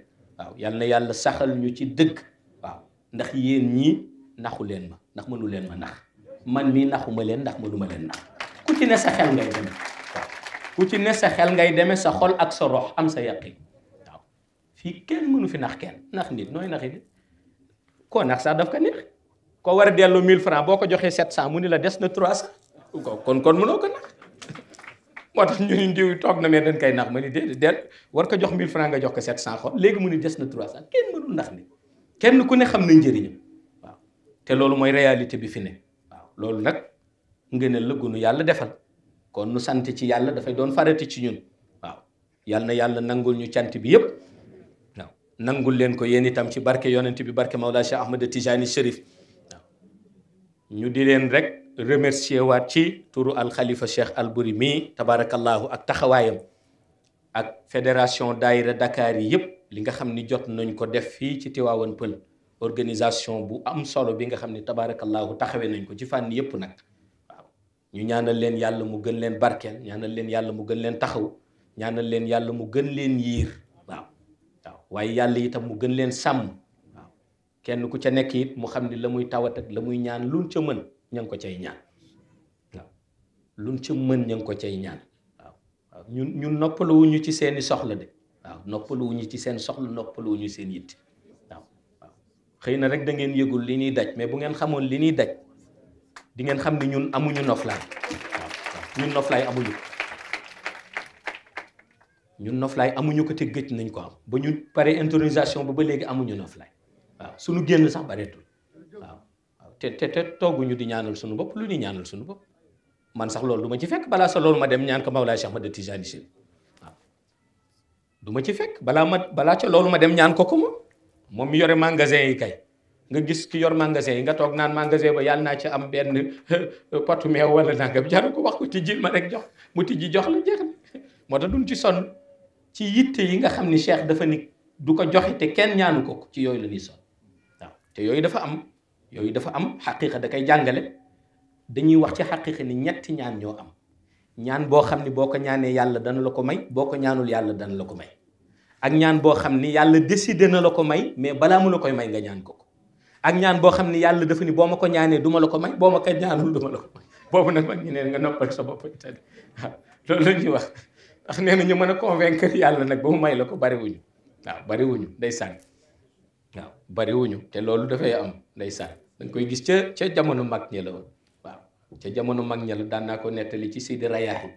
waaw yal na yàlla saxal ñu ci dëkk waaw ndax yéen ñii naxu leen ma ndax mënu leen ma nax man mii naxuma leen ndax mënuma leen nax ku ci ne sa xel ngay demee ku ci ne sa xel ngay demee sa xol ak sa rox am sa yaqin waaw fii kenn mënu fi nax kenn nax nit nooy naxi nit koo nax sax daf ko neex koo war dellu delloo 1000 francs boo ko joxee 700 mu ni la des na 300 kon kon mënoo ko nax moo tax ñu ni diw toog na mais dañ koy nax ma ni déedéet del war ko jox 1000 francs nga jox ko 700 xool léegi mu ni des na 300 kenn mënul nax ni kenn ku ne xam na njëriñam waaw te loolu mooy réalité bi fi ne waaw loolu nag ngëneel la gunu yàlla defal kon nu sant ci yàlla dafay doon farati ci ñun waaw yàlla na yàlla nangul ñu cant bi yëpp waaw nangul leen ko yéen itam ci barke yonent bi barke Mawlaa Cheikh Ahmad Tijani Chérif waaw ñu di leen remercier waat ci turu alxalifa cheikh Albouri mii tabaarakallaahu ak taxawaayam ak fédération daayira Dakar yi yëpp li nga xam ni jot nañ ko def fii ci Tiwaawan Pël organisation bu am solo bi nga xam ni tabaarakallaahu taxawee nañ ko ci fànn yëpp nag waaw ñu ñaanal leen yàlla mu gën leen barkeel ñaanal leen yàlla mu gën leen taxaw ñaanal leen yàlla mu gën leen yiir waaw waaw waaye yàlla itam mu gën leen sàmm waaw kenn ku ca nekk it mu xam ni la muy tawat la muy ñaan luñ ca mën ña ngi ko cay ñaan luñ ci mën ña ko cay ñaan waaw ñun ñun ci seeni soxla de waaw noppaluwuñu ci seen soxla noppaluwuñu seen yitte waaw xëy na rek da ngeen yëgul li ñuy daj mais bu ngeen xamoon li ñuy daj di ngeen xam ne ñun amuñu noflaay waaw ñun noflaay amuñu ñun noflaay amuñu ko te gëj nañ ko am ba ñu pare intronisation ba ba léegi amuñu noflaay waaw suñu génn sax bareetu te te te tooguñu di ñaanal suñu bopp lu ñuy ñaanal suñu bopp man sax loolu duma ci fekk balaa sa ma dem ñaan ko Mawlaay Cheikh Ahmad Tijaani Si waaw ci fekk balaa ma balaa ca loolu ma dem ñaan ko ko moom mi yore magasin yi kay nga gis ki yor magasin yi nga toog naan magasin ba yàlla naa ci am benn *laughs* eh, potu meew wala nangam jaru ko wax ko tijjil ma rek jox mu tijji jox la jeex moo tax duñ ci sonn ci yitte yi nga xam ni Cheikh dafa ni du ko joxe te kenn ñaanu ko ci yooyu la ñuy sonn te yooyu dafa am. yooyu dafa am xaqiiqa da kay jàngale dañuy wax ci xaqiiqa ni ñetti ñaan ñoo am ñaan boo xam ni boo ko ñaanee yàlla dana la ko may boo ko ñaanul yàlla dana la ko may ak ñaan boo xam ni yàlla décidé na la ko may mais balaa mu koy may nga ñaan ko ko ak ñaan boo xam ni yàlla dafa ni boo ma ko ñaanee du ma la ko may boo ma ko ñaanul du la ko may boobu nag mag ñu neen nga noppal sa bopp itali waaw loolu la ñuy wax ndax nee na ñu mën a convaincre yàlla nag ba mu may la ko bariwuñu waaw bariwuñu ndeysaan waaw bariwuñu te loolu dafay am ndeysaan dañ koy gis ca ca jamono mag ña la woon waaw ca jamono mag ña la daan naa ko nettali ci Sidi Rayaahi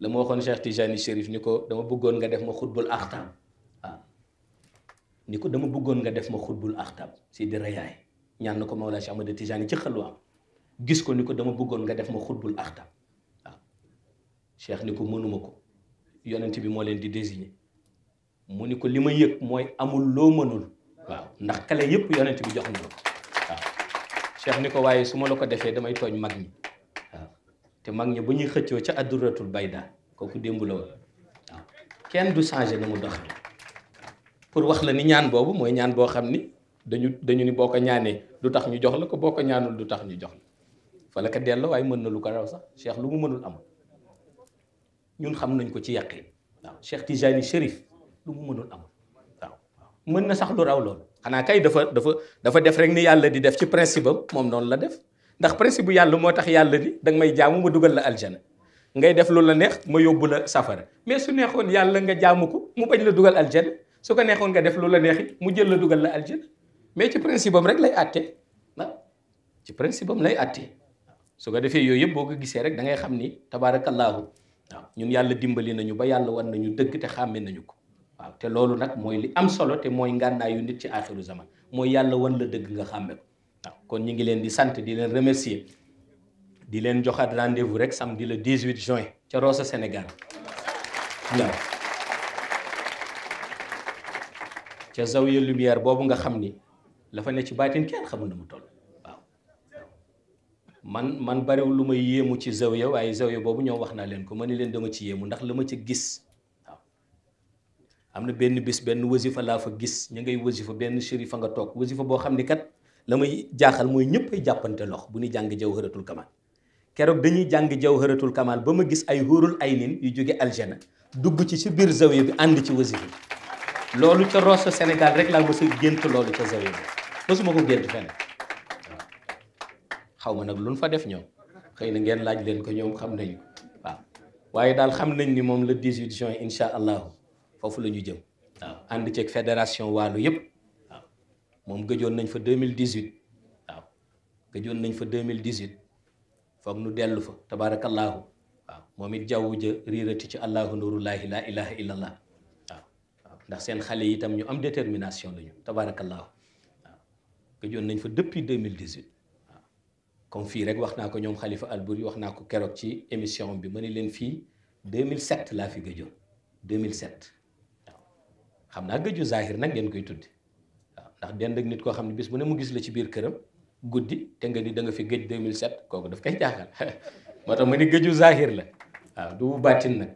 la ma waxoon Cheikh Tijani Chérif ni ko dama bëggoon nga def ma xutbul axtaam waaw ni ko dama bëggoon nga def ma xutbul axtaam Sidi Rayaahi ñaan na ko Mawlaa Cheikh Ahmada Tijani ci xalwaam gis ko ni ko dama bëggoon nga def ma xutbul axtaam waaw Cheikh ni ko mënuma ko yonent bi moo leen di désigné mu ni ko li ma yëg mooy amul loo mënul waaw ndax kale yëpp yonent bi jox na ko cheikh ni ko waaye su ma la ko defee damay tooñ mag ñi waaw te mag ñi bu ñuy xëccoo ca adduratul bayda kooku démb la waaw kenn du changé na mu doxal pour wax la ni ñaan boobu mooy ñaan boo xam ni dañu dañu ni boo ko ñaanee du tax ñu jox la ko boo ko ñaanul du tax ñu jox la fa ko delloo waaye mën na lu ko raw sax cheikh lu mu mënul amul ñun xam nañ ko ci yàqin waaw cheikh Tijani lu mu mënul amul waaw mën na sax lu raw loolu xanaa kay dafa dafa dafa def rek ni yàlla di def ci principe am moom noonu la def ndax principe bu yàlla moo tax yàlla ni danga may jaamu ma dugal la aljana ngay def lu la neex ma yóbbu la safara mais su neexoon yàlla nga jaamu ko mu bañ la dugal aljana su ko neexoon nga def lu la neex it mu jël la dugal la aljana mais ci principe am rek lay àtte ah, ci principe am lay àtte su ko defee yooyu yëpp boo ko gisee rek da ngay xam ni tabaarakallaahu waaw ñun yàlla dimbali nañu ba yàlla wan nañu dëgg te xàmme nañu ko te loolu nag mooy li am solo te mooy ngànnaayu nit ci aaxiru zaman mooy yàlla wan la dëgg nga xàmme ko kon ñu ngi leen di sant di leen remercier di leen joxaat rendez-vous rek samedi le 18 juin ca Rosso Sénégal ca Zawiya Lumière boobu nga xam ni la fa ne ci baatin kenn xamul na mu toll waaw man man bariwul lu may yéemu ci Zawiya waaye Zawiya boobu ñëw wax naa leen ko ma ni leen dama ci yéemu ndax la ma ci gis am na benn bis benn wasifa laa fa gis ñu ngay wasifa benn shérif fa nga toog wasifa boo xam ni kat la may jaaxal mooy ñëpp jàppante lox bu ñuy jàng jaw jawharatul kamal keroog dañuy jàng jaw jawharatul kamal ba ma gis ay hóorul ay nin yu jóge aljana dugg ci ci biir zawiya bi ànd ci wasifa bi loolu ca Rosso Sénégal rek laa mos a gént loolu ca zawiya bi mosuma ko gént feneen xaw ma nag lu nu fa def ñoom xëy na ngeen laaj leen ko ñoom xam nañu waaw waaye daal xam nañ ni moom le 18 juin incha foofu la ñu jëm waaw ànd ceeg fédération waalo yëpp waaw moom gëjoon nañ fa 2018 waaw gëjoon nañ fa 2018 foog nu dellu fa tabaarakallaahu waaw moom it jaww ja riirati ci allahu nurullahi laa ilaha illallah waaw waaw ndax seen xale yi itam ñu am détermination la ñu tabaarakallaahu waaw nañ fa depuis 2018 waaw comme fii rek wax naa ko ñoom Khalifa Albouri wax naa ko keroog ci émission bi ma ne leen fii 2007 laa fi gëjoon 2007 xam naa gëju zahir nag ngeen koy tuddi waaw ndax dend ak nit koo xam ne bis bu ne mu gis la ci biir këram guddi te nga ni da nga fi gëj 2007 kooku daf koy jaaxal *laughs* moo tax ma ni gëju zahir la du bu baatin nag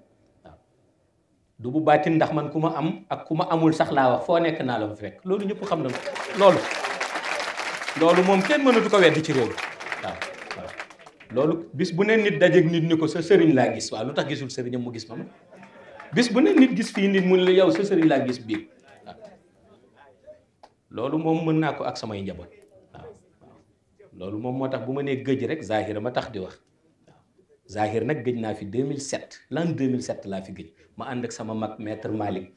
du bu baatin ndax man ku ma am ak ku ma amul sax laa wax foo nekk naa la fa fekk loolu ñëpp xam na loolu loolu moom kenn mënatu ko weddi ci room waaw loolu bis bu ne nit dajeeg nit ni ko sa sëriñ laa gis waaw lu tax gisul sëriñam mu gis ma ma bis bu ne nit gis fii nit mun la yow sa sëriñ laa gis bii loolu moom mën naa ko ak samay njaboot waaw loolu moom moo tax bu ma nee gëj rek Zahir ma tax di wax Zahir nag gëj naa fi 2007 l'an 2007 laa fi gëj ma ànd ak sama mag maître Malick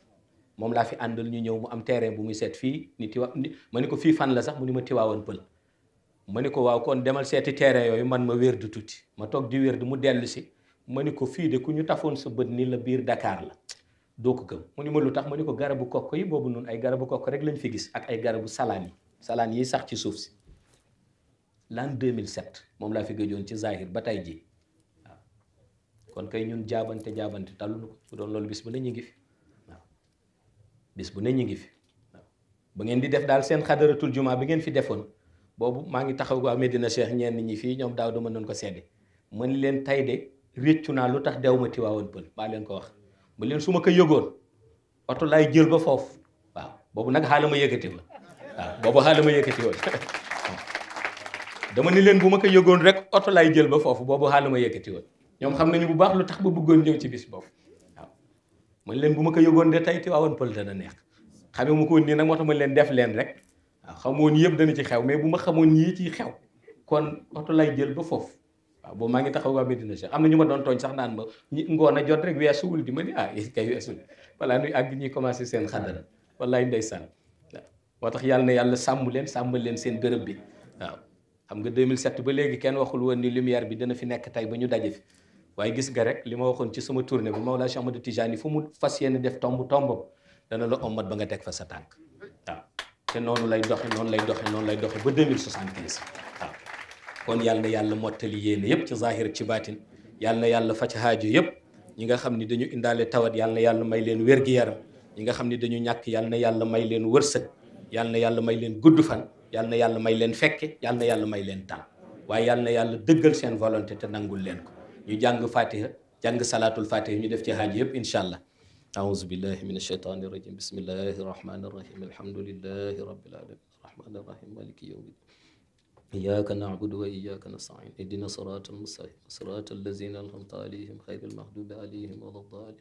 moom laa fi àndal ñu ñëw mu am terrain bu muy seet fii ni tiwa ma ne ko fii fan la sax mu ni ma tiwaawoon pël ma ne ko waaw kon demal seeti terrain yooyu man ma wér du tuuti ma toog di wér du mu dellu si. ma ni ko fii de ku ñu tafoon sa bët ni la biir dakaar la doo ko gëm mu ni ma lu tax ma ni ko garabu kokk yi boobu noonu ay garabu kokk rek lañu fi gis ak ay garabu salaan yi salaan yi sax ci suuf si l'an 2007 moom laa fi gëjoon ci Zahir ba tey jii waaw kon kay ñun jaabante jaabante tàlluñu ko bu doon loolu bis bu ne ñu ngi fi waaw bis bu ne ñu ngi fi waaw ba ngeen di def daal seen xadaratul jumaa bi ngeen fi defoon boobu maa ngi taxaw waa Medina Cheikh ñenn ñi fii ñoom daaw dama doon ko sedde mën leen tay de wéccu naa lu tax dew ma Tiwaawan Pël maa leen ko wax ma leen su ma ko yëgoon oto laay jël ba foofu waaw boobu nag xaala ma yëkkati la waaw boobu xaala ma yëkkati *laughs* dama ni leen bu ma ko yëgoon rek oto laay jël ba foofu boobu xaala ma yëkkati woon ñoom xam na nañu bu baax lu tax ba bëggoon ñëw ci bis boobu waaw man leen bu ma ko yëgoon de tey Tiwaawan Pël dana neex xamee ma ko woon nii nag moo tax ma leen def leen rek waaw xamoon yëpp dana ci xew mais bu ma xamoon yii ci xew kon oto laay jël ba foofu waaw boobu maa ngi taxaw waa Medina Cheikh am na ñu ma doon tooñ sax naan ma ñi ngoon a jot rek weesuwul di ma ni ah eh, kay weesul voilà nuy àgg ñuy commencé seen xadara wallaay ndeysaan waaw moo tax yàlla na yàlla sàmm leen sàmmal leen seen gërëb bi waaw xam nga 2007 ba léegi kenn waxul woon ni lumière bi dana fi nekk tey ba ñu daje fi waaye gis nga rek li ma waxoon ci sama tournée bu Mawlaa Cheikh Ahmadou Tijani fu mu fas yéene def tomb tombam dana la ommat ba nga teg fa sa tànk waaw te noonu lay doxe noonu lay doxe noonu lay doxe ba 2075 waaw kon yàlla na yàlla mottali yéene yëpp ci zahir ci baatin yàlla na yàlla faj haajo yëpp ñi nga xam ni dañu indaale tawat yàlla na yàlla may leen wér-gi-yaram ñi nga xam ni dañu ñàkk yàlla na yàlla may leen wërsëg yàlla na yàlla may leen gudd fan yàlla na yàlla may leen fekke yàlla na yàlla may leen temps waaye yàlla na yàlla dëggal seen volonté te nangul leen ko ñu jàng fatiha jàng salaatul fatiha ñu def ci haajo yëpp incha allah aouzu billahi min ashaytani rajim bismillahi rahmani rahim alhamdulillahi rabbil alamin arrahmani arrahim maliki yawmiddin iyyaka na'budu wa iyyaka nasta'in ihdina siratal mustaqim siratal ladzina an'amta alayhim ghayril maghdubi alayhim waladdallin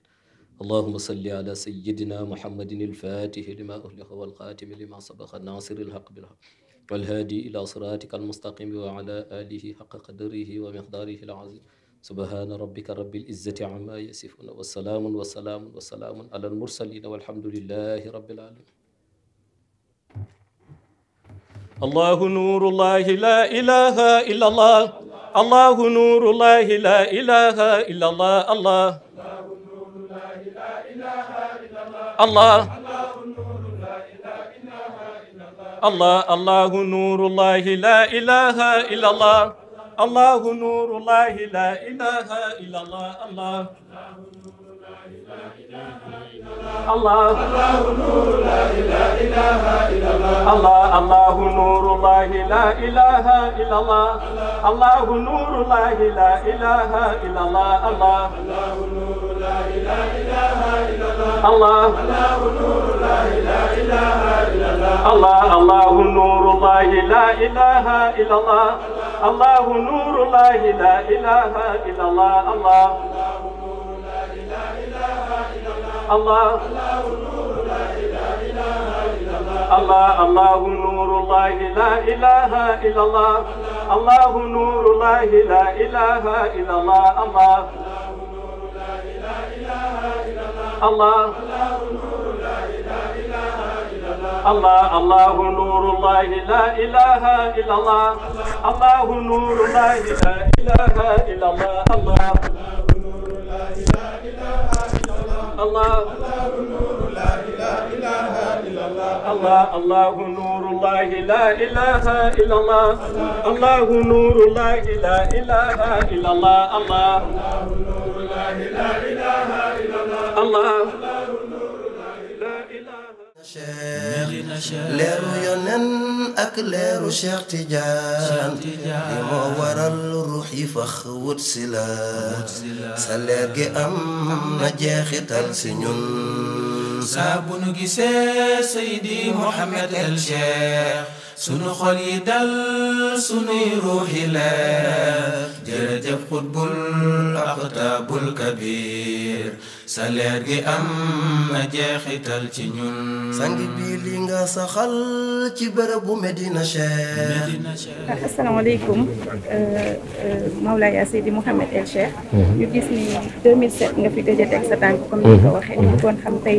اللهم صل على سيدنا محمد الفاتح لما أغلق والخاتم لما سبق الناصر الحق بالحق والهادي إلى صراطك المستقيم وعلى آله حق قدره ومقداره العظيم سبحان ربك رب العزة عما يصفون والسلام والسلام والسلام على المرسلين والحمد لله رب العالمين الله نور الله لا إله إلا الله الله نور الله لا إله إلا الله الله الله الله الله نور الله لا إله إلا الله الله نور الله لا إله إلا الله الله الله الله الله نور الله لا إله إلا الله الله نور الله لا إله إلا الله الله نور لا إله إلا الله الله نور لا إله إلا الله الله الله نور الله لا إله إلا الله الله نور الله لا إله إلا الله الله الله الله الله نور الله لا إله إلا الله الله نور الله لا إله إلا الله الله الله الله الله نور الله لا إله إلا الله الله نور الله لا إله إلا الله الله الله الله نور الله لا اله الا الله الله نور الله لا اله الا الله الله نور الله لا اله الا الله الله leeru yonen ak sa leer gi am na jeexital si ñun saa bu nu gisee Seydi Mouhamed El Cheikh sunu xol yi dal sunuy ruux yi leer jërëjëf xutbul aqtaabul kabir sa leer gi am na jeexital ci ñun. sang bi li nga saxal ci bërëbu Medina Cheikh. Euh, asalaamaaleykum euh, euh, Mawlaya Seydi Mouhamed El Cheikh. Mhm. ñu gis ni 2007 nga fi gëj a teg sa tànk comme ni nga ko mhm. waxee. ñu bëggoon xam tey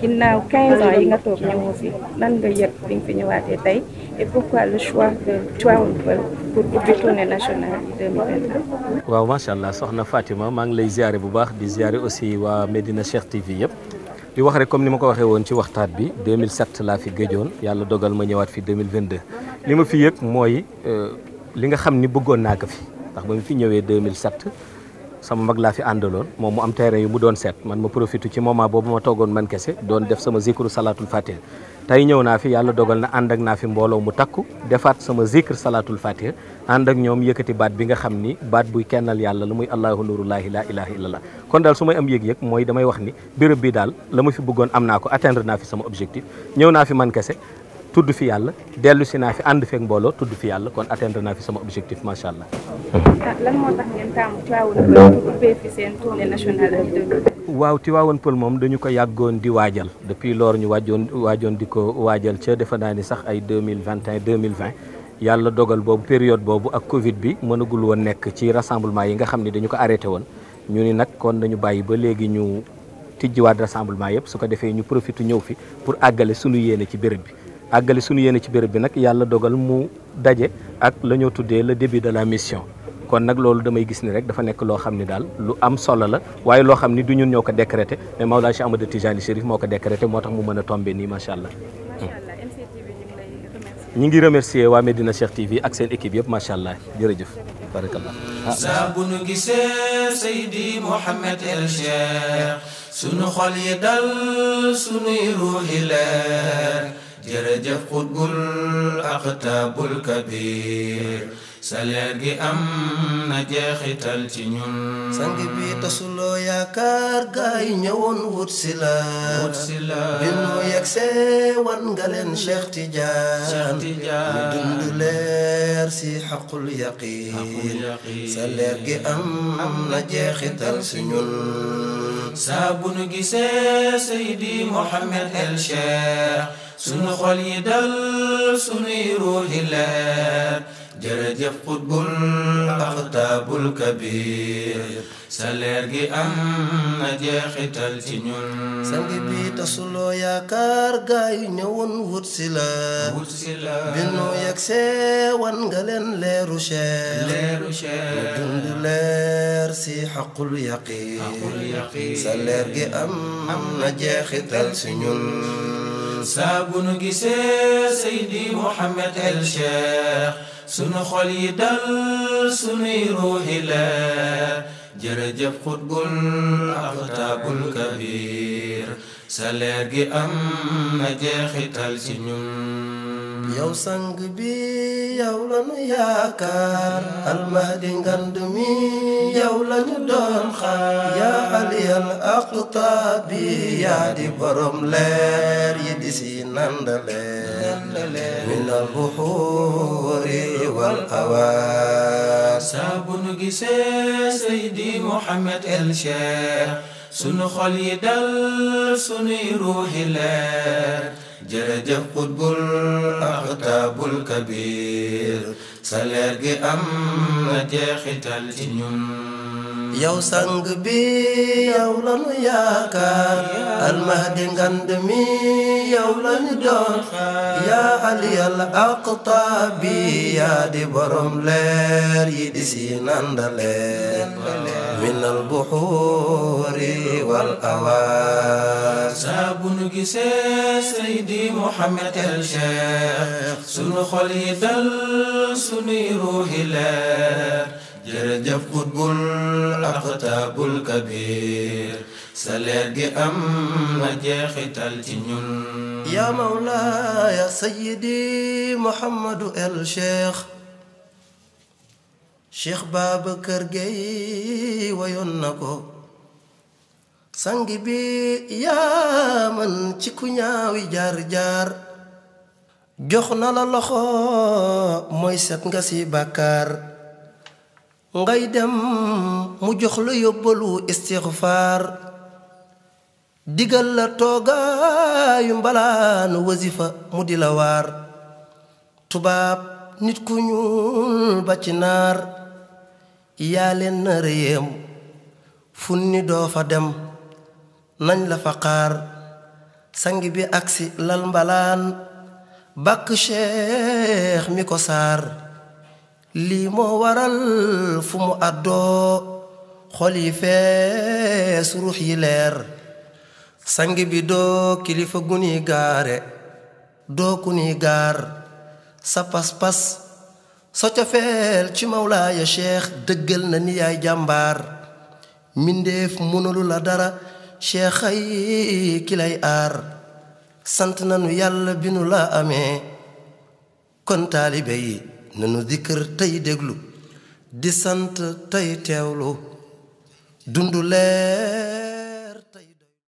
ginnaaw 15 yi nga toog ñëwoo fi lan nga yëg bi nga fi ñëwaatee tey. et pourquoi le choix de Tivaouane waaw macha allah soxna Fatima maa ngi lay ziare bu baax di ziare aussi waa Medina Cheikh TV yëpp di wax rek comme ni ma ko waxee woon ci waxtaan bi 2007 laa fi géejoon yàlla dogal ma ñëwaat fi 2022. li ma fi yëg mooy euh, li nga xam ni bëggoon naa ko fi ndax ba mu fi ñëwee 2007 sama mag laa fi àndaloon moom mu am terrain yu mu doon seet man ma profité ci moment boobu ma toogoon man kese doon def sama zikru salaatul fatih. tey ñëw naa fi yàlla dogal na ànd ak naa fi mbooloo mu takku defaat sama zikr salaatul fatiha ànd ak ñoom yëkkati baat bi nga xam ni baat buy kennal yàlla la muy allahu nurullahi la ilaha illallah kon daal su may am yëg-yëg mooy damay wax ni béréb bi daal la ma fi bëggoon am naa ko atteindre naa fi sama objectif ñëw naa fi man kese tudd fi yàlla dellu si naa fi ànd feek mbooloo tudd fi yàlla kon atteindre naa fi sama objectif macha allah. Ah, lan moo tax ngeen waaw Tivaouane Peulh moom dañu ko yàggoon di waajal depuis lors ñu waajoon waajoon di ko waajal ca defe naa ni sax ay deux mille vingt et deux mille vingt yàlla dogal boobu période boobu ak Covid bi mënagul woon nekk ci rassemblement yi nga xam ne dañu ko arrêté woon ñu ni nag kon dañu bàyyi ba léegi ñu tijjiwaat rassemblement yëpp su ko defee ñu profité ñëw fi pour àggale sunu yéene ci béréb bi. àggale suñu yéene ci béréb bi nag yàlla dogal mu daje ak la ñoo tuddee le début de la mission kon nag loolu damay gis ni rek dafa nekk loo xam ni daal lu am solo la waaye loo xam ni du ñun ñoo ko décrété mais Maolana Cheikh Ahmadou Tijani Chérif moo ko décrété moo tax mu mën a tombé nii macha allah. ñi ngi remercier waa Medina Cheikh TV ak seen équipe yëpp macha allah jërëjëf a ah. saa bu nu gisee Seydi Mouhamed El Cheikh sunu xol yi dal sunuy ruuxi leer jërëjëf xutbul aqtabul kabir sa gi am na jeexital ci ñun sang bi tasuloo yaakaar gaa yi ñëwoon wut am na jeexital ci ñun saa nu gisee Seydi Mohamed El Cheikh sunu xol yi dal sunuy ruuxi leer jërëjëf xutbul axtaabul kabir sa leer gi am na jeexital ci ñun sang bi tasuloo yaakaar gaayu ñëwoon wut si la wut si la bi nu wan nga leen leeru cheikh leeru cheikh gi na jeexital ci ñun gisee Seydi Mouhamed El Cheikh sunu xol yi dal sunuy ruuxi leer jërëjëf xutbul axtaabul kabiir sa leer gi am na jeexital ci ñun yow sang bi yow lañu yaakaar almahdi ngand mi yow lañu doon xaar yaa aliyal aqtaabi yaa di borom leer yi nandaleer min al wal awaar saa bu nu gisee saydi Mohamed El Cheikh sunu xol yi dal sunuy ruuxi jërëjëf xutbul axtaabul kabir sa leer gi am na jeexital ci ñun yow sang bi yow lanu yaakaar almahdi ngand mi yow lañu doon yaa aliyal aqtaabi yaa di borom leer yi di si nandaleer min al buxuuri wal awaar saa bu nu gisee saydi muhammad al cheikh sunu xol yi dal sunuy ruuxi leer jërëjëf xutbul aqtaabul kabiir sa leer gi am na jeexital ci ñun ya mawlaaya sayyidi muhammadu el cheikh cheikh Babacar Gueye wayoon na ko sangi bi yaa man ci ku ñaawi jaar jaar jox nala loxo mooy set nga si bàkkaar ngay dem mu jox la yóbbalu istixfaar digal la toogaayu mbalaanu wasifa mu di la waar tubaab nit ku ñuul ba naar yaa leen na réyeem fun ni doo dem nañ la fa xaar sang bi agsi lal mbalaan bàkk cheikh mi ko saar lii moo waral fu mu àddoo xol yi fees yi leer sang bi doo kilifa gu nuy gaare doo ku gaar sa pas-pas sa cofeel ci mawlaaya cheikh dëggal na ni yaay jàmbaar mbindéef la dara cheikh ay aar sant nanu yàlla bi nu la amee kon taalibe yi nanu dikkër tey déglu di sant tey teewlu dundu leen